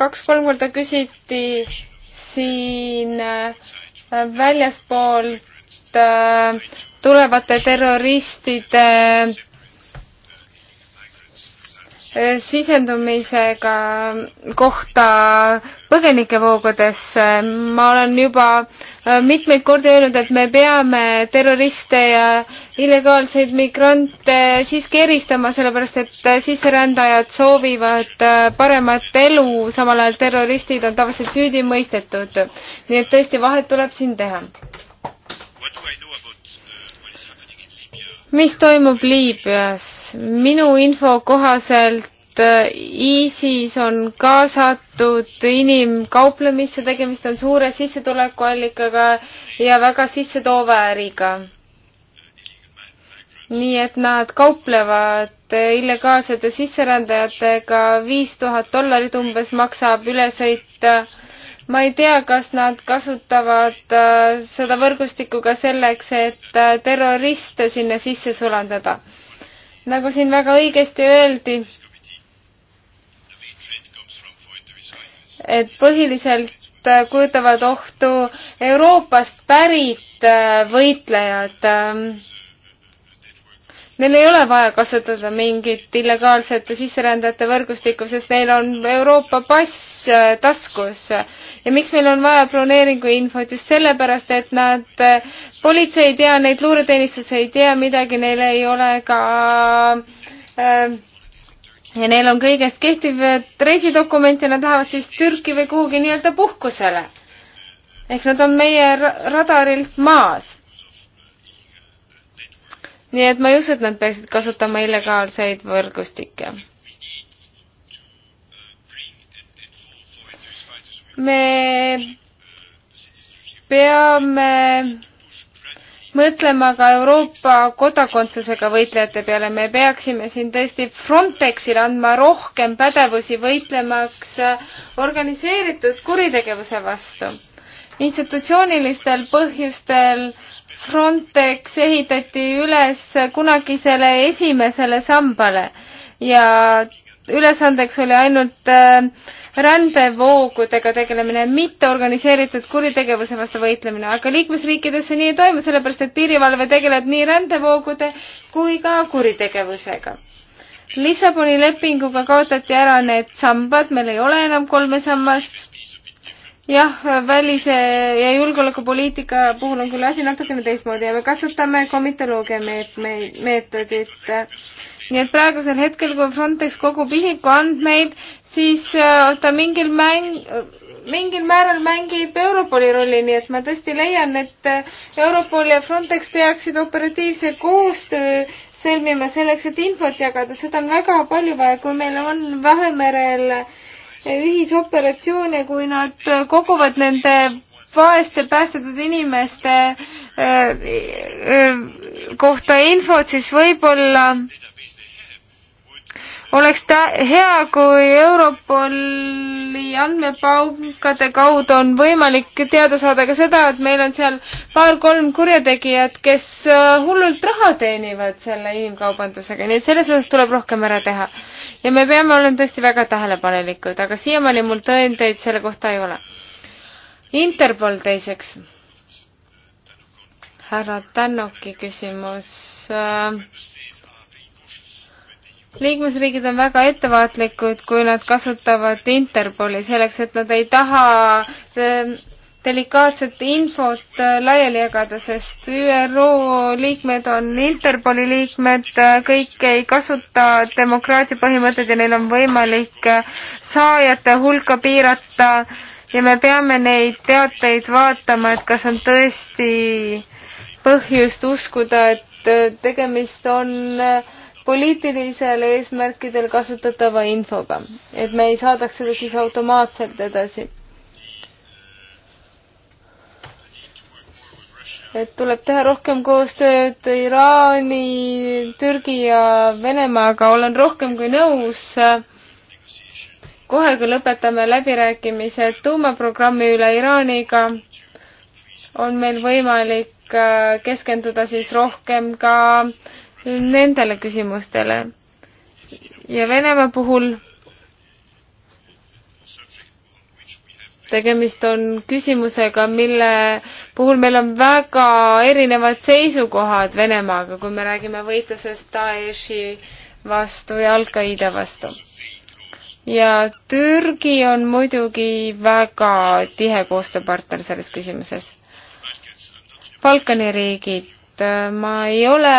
kaks-kolm korda küsiti siin äh, väljaspoolt äh, tulevate terroristide äh, sisendumisega kohta põgenikevoogudesse. ma olen juba Äh, mitmeid kordi öelnud, et me peame terroriste ja illegaalseid migrante siiski eristama, sellepärast et äh, sisserändajad soovivad äh, paremat elu, samal ajal terroristid on tavaliselt süüdi mõistetud. nii et tõesti, vahet tuleb siin teha. mis toimub Liibüas? minu info kohaselt Äh, ISIS on kaasatud inimkauplemisse, tegemist on suure sissetulekuallikaga ja väga sissetoova äriga. nii et nad kauplevad illegaalsete sisserändajatega, viis tuhat dollarit umbes maksab ülesõit ma ei tea, kas nad kasutavad äh, seda võrgustikku ka selleks, et äh, terroriste sinna sisse sulandada. nagu siin väga õigesti öeldi, et põhiliselt äh, kujutavad ohtu Euroopast pärit äh, võitlejad. Ähm, neil ei ole vaja kasutada mingit illegaalsete sisserändajate võrgustikku, sest neil on Euroopa pass äh, taskus. ja miks meil on vaja broneeringuinfot? just sellepärast, et nad, politsei ei tea neid, luureteenistus ei tea midagi, neil ei ole ka äh, ja neil on kõigest kehtiv eh, reisidokument ja nad lähevad siis Türki või kuhugi nii-öelda puhkusele. ehk nad on meie radarilt maas. nii et ma ei usu, et nad peaksid kasutama illegaalseid võrgustikke. me peame mõtlema ka Euroopa kodakondsusega võitlejate peale, me peaksime siin tõesti Frontexile andma rohkem pädevusi võitlemaks organiseeritud kuritegevuse vastu. institutsioonilistel põhjustel Frontex ehitati üles kunagisele esimesele sambale ja ülesandeks oli ainult äh, rändevoogudega tegelemine, mitte organiseeritud kuritegevuse vastu võitlemine, aga liikmesriikides see nii ei toimu, sellepärast et piirivalve tegeleb nii rändevoogude kui ka kuritegevusega. Lissaboni lepinguga kaotati ära need sambad, meil ei ole enam kolme sammast. jah, välise ja julgeolekupoliitika puhul on küll asi natukene teistmoodi ja me kasutame komitoloogia meet-, meetodit meet meet meet nii et praegusel hetkel, kui Frontex kogub isikuandmeid, siis äh, ta mingil mäng, mingil määral mängib Europoli rolli, nii et ma tõesti leian, et äh, Europol ja Frontex peaksid operatiivse koostöö sõlmima selleks, et infot jagada, seda on väga palju vaja, kui meil on Vahemerel äh, ühisoperatsioone, kui nad koguvad nende vaeste päästetud inimeste kohta infot, siis võib-olla äh, oleks ta hea, kui Europoli andmepankade kaudu on võimalik teada saada ka seda, et meil on seal paar-kolm kurjategijat, kes äh, hullult raha teenivad selle inimkaubandusega, nii et selles osas tuleb rohkem ära teha. ja me peame olema tõesti väga tähelepanelikud, aga siiamaani mul tõendeid selle kohta ei ole. Interpol teiseks. härra Tannoki küsimus äh, liikmesriigid on väga ettevaatlikud, kui nad kasutavad Interpoli selleks, et nad ei taha ähm, delikaatset infot äh, laiali jagada, sest ÜRO liikmed on Interpoli liikmed, äh, kõik ei kasuta demokraatia põhimõtteid ja neil on võimalik äh, saajate hulka piirata ja me peame neid teateid vaatama, et kas on tõesti põhjust uskuda, et tegemist on äh, poliitilisel eesmärkidel kasutatava infoga, et me ei saadaks seda siis automaatselt edasi. et tuleb teha rohkem koostööd Iraani, Türgi ja Venemaaga, olen rohkem kui nõus. kohe, kui lõpetame läbirääkimised tuumaprogrammi üle Iraaniga, on meil võimalik äh, keskenduda siis rohkem ka äh, nendele küsimustele. ja Venemaa puhul tegemist on küsimusega, mille puhul meil on väga erinevad seisukohad Venemaaga, kui me räägime võitlusest Daeshi vastu ja Al-Qaeda vastu. ja Türgi on muidugi väga tihe koostööpartner selles küsimuses. Balkani riigid Äh, ma ei ole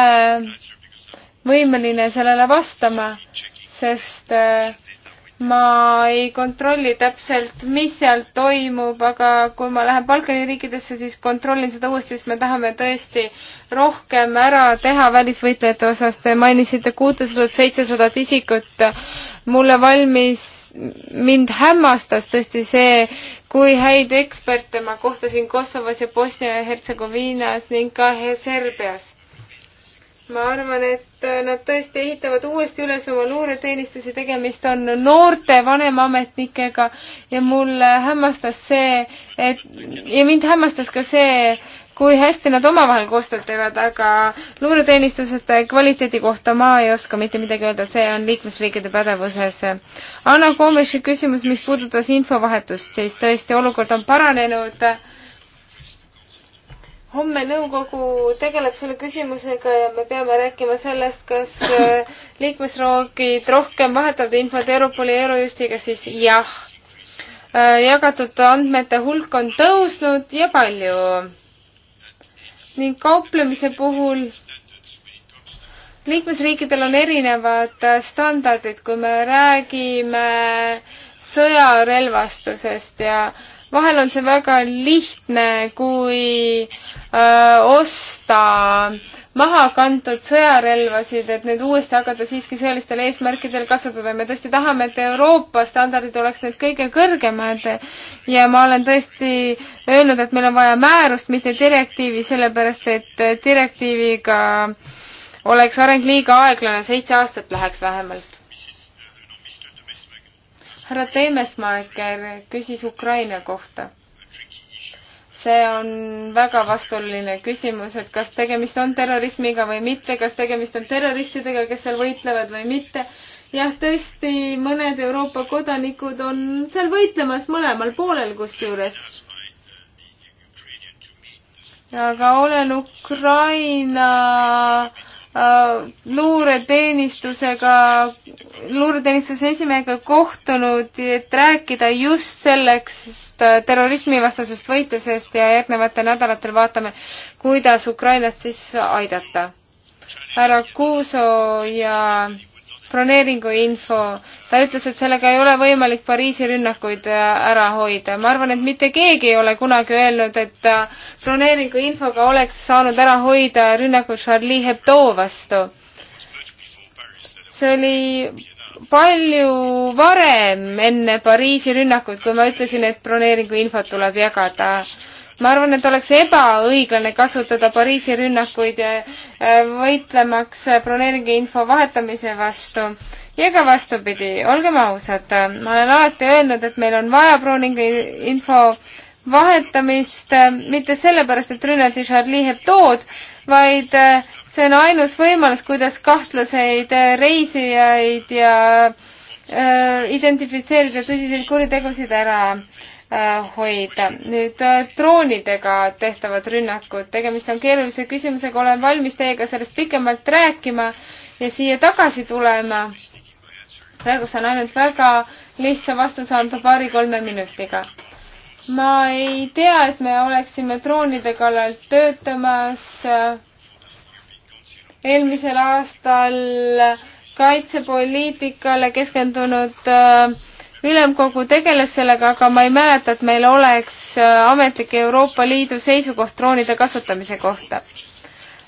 võimeline sellele vastama, sest äh, ma ei kontrolli täpselt, mis seal toimub, aga kui ma lähen Balkani riikidesse, siis kontrollin seda uuesti, sest me tahame tõesti rohkem ära teha välisvõitlejate osas. Te mainisite kuutesadat, seitsesadat isikut. mulle valmis, mind hämmastas tõesti see, kui häid eksperte ma kohtasin Kosovos ja Bosnia ja Hertsegoviinas ning ka Serbias ma arvan, et nad tõesti ehitavad uuesti üles oma luureteenistusi, tegemist on noorte vanemametnikega ja mulle hämmastas see, et ja mind hämmastas ka see, kui hästi nad omavahel koostööd teevad, aga luureteenistuste kvaliteedi kohta ma ei oska mitte midagi öelda, see on liikmesriikide pädevuses. Anna Komeši küsimus, mis puudutas infovahetust, siis tõesti olukord on paranenud äh, homme nõukogu tegeleb selle küsimusega ja me peame rääkima sellest, kas äh, liikmesriigid rohkem vahetavad infot Europoli ja Eurojustiga, siis jah. Äh, jagatud andmete hulk on tõusnud ja palju. ning kauplemise puhul liikmesriikidel on erinevad äh, standardid, kui me räägime sõjarelvastusest ja äh, vahel on see väga lihtne, kui öö, osta maha kantud sõjarelvasid, et need uuesti hakata siiski sõjalistel eesmärkidel kasutada. me tõesti tahame, et Euroopa standardid oleks need kõige kõrgemad ja ma olen tõesti öelnud, et meil on vaja määrust, mitte direktiivi, sellepärast et direktiiviga oleks areng liiga aeglane, seitse aastat läheks vähemalt härra Teemesmaeker küsis Ukraina kohta. see on väga vastuoluline küsimus, et kas tegemist on terrorismiga või mitte, kas tegemist on terroristidega, kes seal võitlevad või mitte. jah, tõesti, mõned Euroopa kodanikud on seal võitlemas mõlemal poolel kusjuures aga olen Ukraina Äh, luureteenistusega, luureteenistuse esimehega kohtunud, et rääkida just sellest äh, terrorismivastasest võitlusest ja järgnevatel nädalatel vaatame, kuidas Ukrainat siis aidata. härra Kuuso ja broneeringu info ta ütles, et sellega ei ole võimalik Pariisi rünnakuid äh, ära hoida. ma arvan, et mitte keegi ei ole kunagi öelnud, et äh, broneeringu infoga oleks saanud ära hoida rünnakut Charlie Hebdo vastu. see oli palju varem, enne Pariisi rünnakut, kui ma ütlesin, et broneeringu infot tuleb jagada ma arvan, et oleks ebaõiglane kasutada Pariisi rünnakuid äh, võitlemaks broneeringu info vahetamise vastu ja ka vastupidi, olgem ausad, ma olen alati öelnud, et meil on vaja Browningi info vahetamist äh, mitte sellepärast, et rünnati Charlie Hebdo'd, vaid äh, see on ainus võimalus, kuidas kahtlaseid äh, reisijaid ja äh, identifitseerida tõsiseid kuritegusid ära äh, hoida. nüüd äh, droonidega tehtavad rünnakud, tegemist on keerulise küsimusega, olen valmis teiega sellest pikemalt rääkima ja siia tagasi tulema praegu saan ainult väga lihtsa vastuse anda paari-kolme minutiga. ma ei tea, et me oleksime droonide kallal töötamas. Äh, eelmisel aastal kaitsepoliitikale keskendunud äh, ülemkogu tegeles sellega, aga ma ei mäleta, et meil oleks äh, ametlik Euroopa Liidu seisukoht droonide kasutamise kohta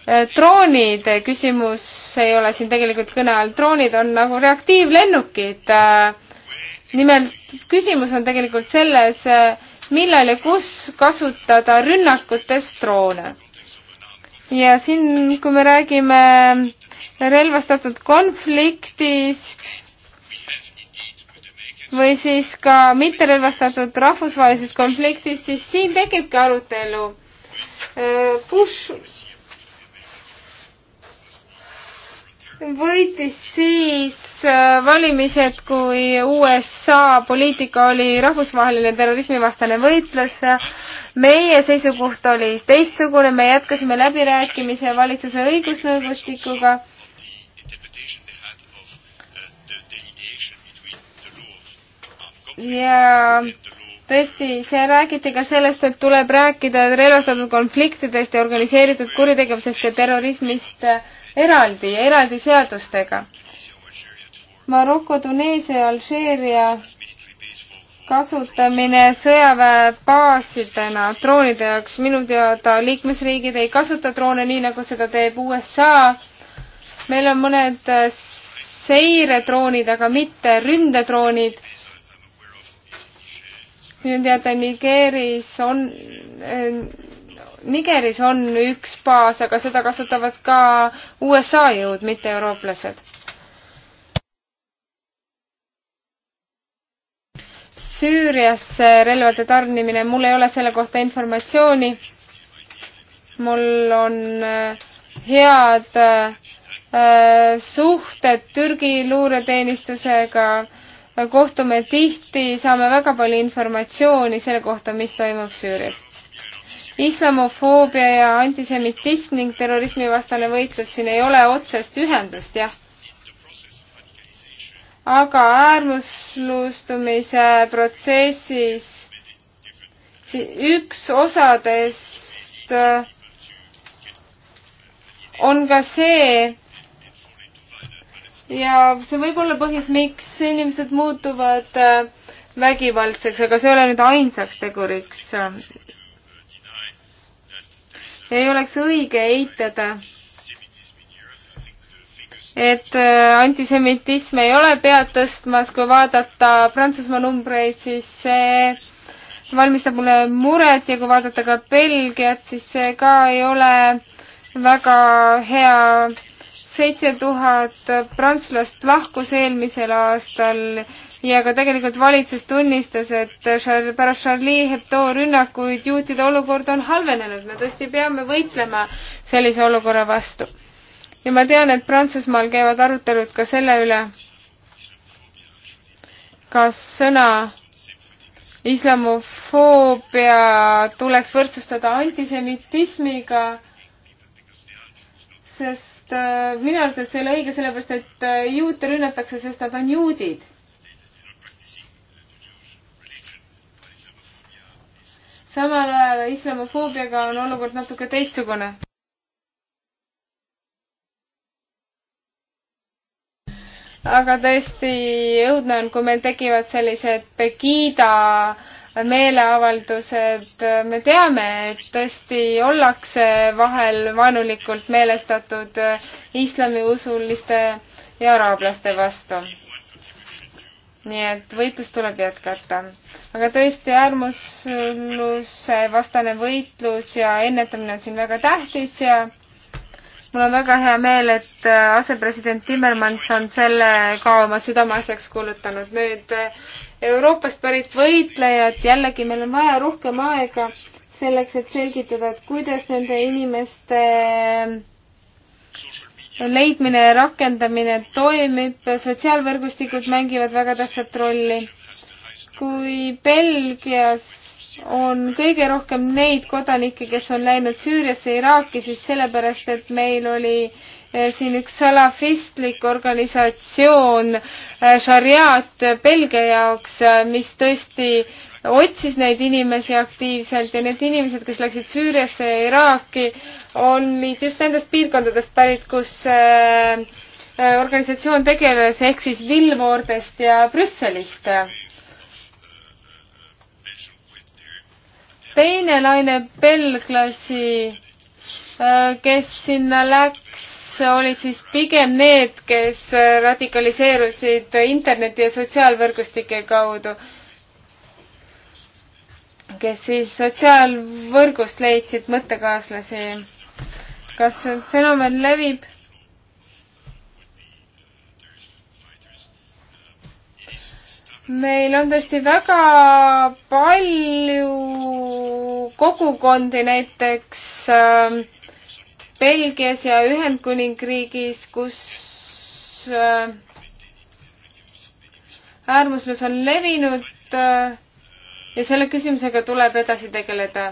Äh, droonide küsimus ei ole siin tegelikult kõne all, droonid on nagu reaktiivlennukid. Äh, nimelt küsimus on tegelikult selles, äh, millal ja kus kasutada rünnakutes droone. ja siin, kui me räägime relvastatud konfliktist või siis ka mitterelvastatud rahvusvahelisest konfliktist, siis siin tekibki arutelu. Bush võitis siis äh, valimised, kui USA poliitika oli rahvusvaheline terrorismivastane võitlus. meie seisukoht oli teistsugune, me jätkasime läbirääkimise valitsuse õigusnõustikuga. ja tõesti, seal räägiti ka sellest, et tuleb rääkida relvastatud konfliktidest ja organiseeritud kuritegevusest ja terrorismist eraldi, eraldi seadustega. Maroko, Tuneesia, Alžeeria kasutamine sõjaväebaasidena droonide jaoks, minu teada liikmesriigid ei kasuta droone nii, nagu seda teeb USA. meil on mõned seiredroonid, aga mitte ründedroonid. minu teada Nigeeris on Nigeris on üks baas, aga seda kasutavad ka USA jõud, mitte eurooplased. Süüriasse relvade tarnimine, mul ei ole selle kohta informatsiooni. mul on äh, head äh, äh, suhted Türgi luureteenistusega, kohtume tihti, saame väga palju informatsiooni selle kohta, mis toimub Süürias islamofoobia ja antisemitism ning terrorismivastane võitlus, siin ei ole otsest ühendust, jah. aga äärmuslustumise protsessis üks osadest äh, on ka see, ja see võib olla põhjus, miks inimesed muutuvad äh, vägivaldseks, aga see ei ole nüüd ainsaks teguriks äh, ei oleks õige eitada, et äh, antisemitism ei ole pead tõstmas, kui vaadata Prantsusmaa numbreid, siis see valmistab mulle muret ja kui vaadata ka Belgiat, siis see ka ei ole väga hea. seitse tuhat prantslast lahkus eelmisel aastal ja ka tegelikult valitsus tunnistas, et pärast Charlie Hebdo rünnakuid juutide olukord on halvenenud, me tõesti peame võitlema sellise olukorra vastu. ja ma tean, et Prantsusmaal käivad arutelud ka selle üle, kas sõna islamofoobia tuleks võrdsustada antisemitismiga, sest äh, minu arvates see ei ole õige, sellepärast et äh, juute rünnatakse, sest nad on juudid samal ajal islamofoobiaga on olukord natuke teistsugune. aga tõesti õudne on, kui meil tekivad sellised Pegida meeleavaldused, me teame, et tõesti ollakse vahel vaenulikult meelestatud islamiusuliste ja araablaste vastu nii et võitlus tuleb jätkata. aga tõesti, äärmusluse vastane võitlus ja ennetamine on siin väga tähtis ja mul on väga hea meel, et äh, asepresident Timmermans on selle ka oma südameasjaks kuulutanud. nüüd äh, Euroopast pärit võitlejad, jällegi meil on vaja rohkem aega selleks, et selgitada, et kuidas nende inimeste leidmine ja rakendamine toimib, sotsiaalvõrgustikud mängivad väga tähtsat rolli. kui Belgias on kõige rohkem neid kodanikke, kes on läinud Süüriasse, Iraaki, siis sellepärast, et meil oli eh, siin üks salafistlik organisatsioon, eh, šariaat Belgia jaoks, eh, mis tõesti otsis neid inimesi aktiivselt ja need inimesed, kes läksid Süüriasse ja Iraaki, olid just nendest piirkondadest pärit, kus äh, äh, organisatsioon tegeles, ehk siis Vilvoordest ja Brüsselist. teine laine belglasi, äh, kes sinna läks, olid siis pigem need, kes radikaliseerusid interneti ja sotsiaalvõrgustike kaudu kes siis sotsiaalvõrgust leidsid mõttekaaslasi. kas see fenomen levib? meil on tõesti väga palju kogukondi näiteks äh, Belgias ja Ühendkuningriigis, kus äh, äärmuslus on levinud äh, ja selle küsimusega tuleb edasi tegeleda.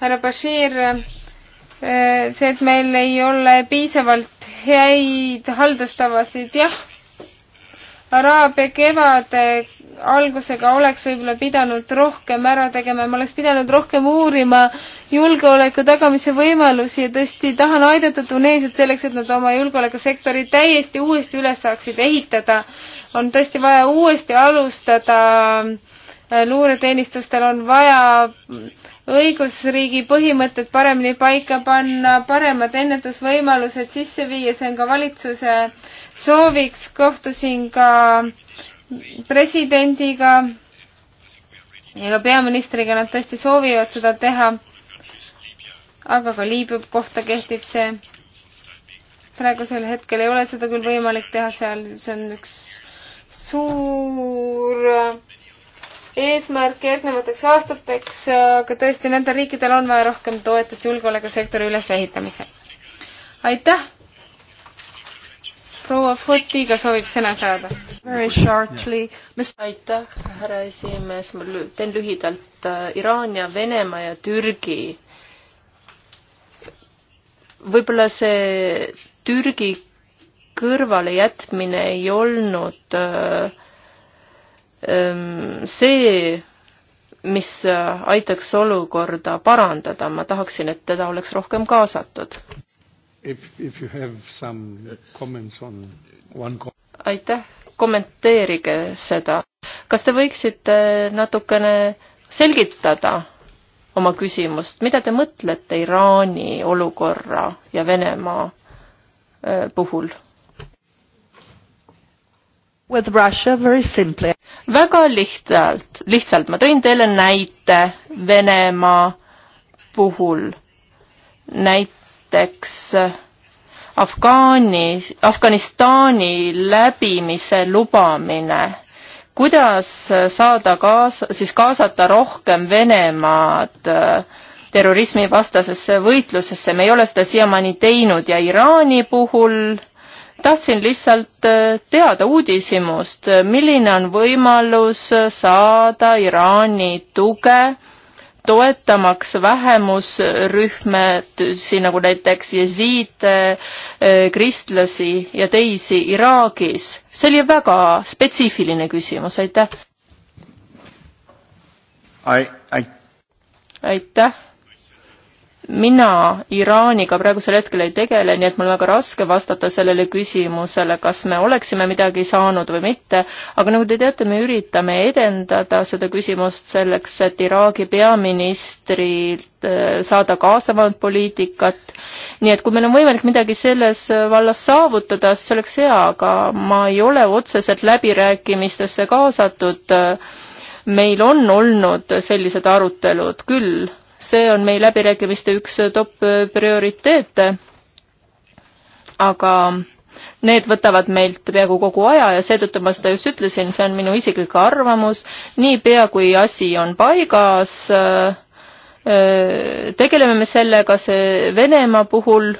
härra Bashir, eh, see, et meil ei ole piisavalt häid haldustavasid, jah, Araabia kevade algusega oleks võib-olla pidanud rohkem ära tegema, ma oleks pidanud rohkem uurima julgeoleku tagamise võimalusi ja tõesti tahan aidata Tuneesiat selleks, et nad oma julgeolekusektori täiesti uuesti üles saaksid ehitada. on tõesti vaja uuesti alustada äh, Äh, luureteenistustel on vaja õigusriigi põhimõtted paremini paika panna, paremad ennetusvõimalused sisse viia, see on ka valitsuse sooviks, kohtusin ka presidendiga ja ka peaministriga, nad tõesti soovivad seda teha. aga ka Liibüa kohta kehtib see. praegusel hetkel ei ole seda küll võimalik teha seal, see on üks suur eesmärk järgnevateks aastateks, aga tõesti, nendel riikidel on vaja rohkem toetust julgeolekusektori ülesehitamisel. aitäh! proua Foti, kas soovib sõna saada? aitäh, härra esimees, ma teen lühidalt äh, Iraan ja Venemaa ja Türgi. võib-olla see Türgi kõrvalejätmine ei olnud äh, Ehm, see, mis äh, aitaks olukorda parandada, ma tahaksin, et teda oleks rohkem kaasatud. One... aitäh, kommenteerige seda. kas te võiksite natukene selgitada oma küsimust, mida te mõtlete Iraani olukorra ja Venemaa äh, puhul? With Russia very simply. väga lihtsalt, lihtsalt ma tõin teile näite Venemaa puhul. näiteks Afgaani, Afganistani läbimise lubamine. kuidas saada kaasa, siis kaasata rohkem Venemaad äh, terrorismivastasesse võitlusesse, me ei ole seda siiamaani teinud ja Iraani puhul tahtsin lihtsalt äh, teada uudishimust, milline on võimalus saada Iraani tuge toetamaks vähemusrühmasi nagu näiteks jesiite, äh, kristlasi ja teisi Iraagis? see oli väga spetsiifiline küsimus, aitäh. I... aitäh mina Iraaniga praegusel hetkel ei tegele, nii et mul on väga raske vastata sellele küsimusele, kas me oleksime midagi saanud või mitte, aga nagu te teate, me üritame edendada seda küsimust selleks, et Iraagi peaministrilt äh, saada kaasavamat poliitikat. nii et kui meil on võimalik midagi selles vallas saavutada, siis oleks hea, aga ma ei ole otseselt läbirääkimistesse kaasatud. meil on olnud sellised arutelud küll see on meie läbirääkimiste üks äh, top äh, prioriteete, aga need võtavad meilt peaaegu kogu aja ja seetõttu ma seda just ütlesin, see on minu isiklik arvamus, niipea kui asi on paigas, äh, tegeleme me sellega, see Venemaa puhul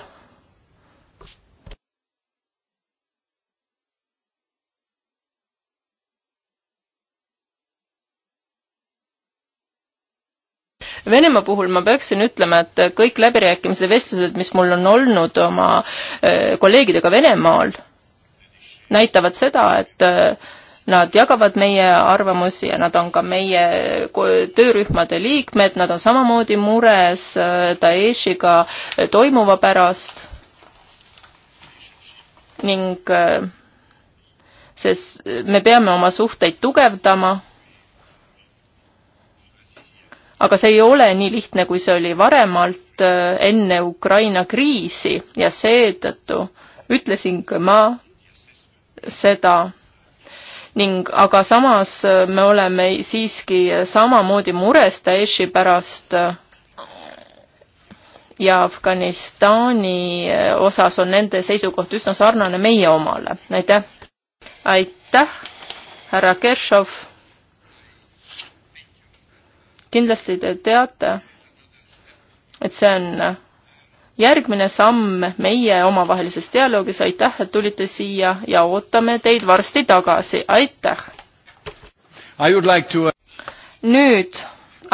Venemaa puhul ma peaksin ütlema, et kõik läbirääkimised ja vestlused, mis mul on olnud oma eh, kolleegidega Venemaal, näitavad seda, et eh, Nad jagavad meie arvamusi ja nad on ka meie töörühmade liikmed, nad on samamoodi mures eh, Daeshiga toimuva pärast ning sest me peame oma suhteid tugevdama aga see ei ole nii lihtne, kui see oli varemalt äh, enne Ukraina kriisi ja seetõttu ütlesin ka ma seda ning aga samas äh, me oleme siiski samamoodi mures Daeshi pärast äh, ja Afganistani osas on nende seisukoht üsna sarnane meie omale. aitäh! aitäh, härra Kershov! kindlasti te teate, et see on järgmine samm meie omavahelises dialoogis, aitäh, et tulite siia ja ootame teid varsti tagasi, aitäh! Like to... Uh, nüüd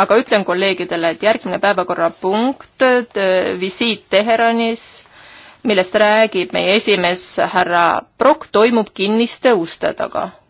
aga ütlen kolleegidele, et järgmine päevakorrapunkt, visiit Teheranis, millest räägib meie esimees härra Prokk, toimub kinniste uste taga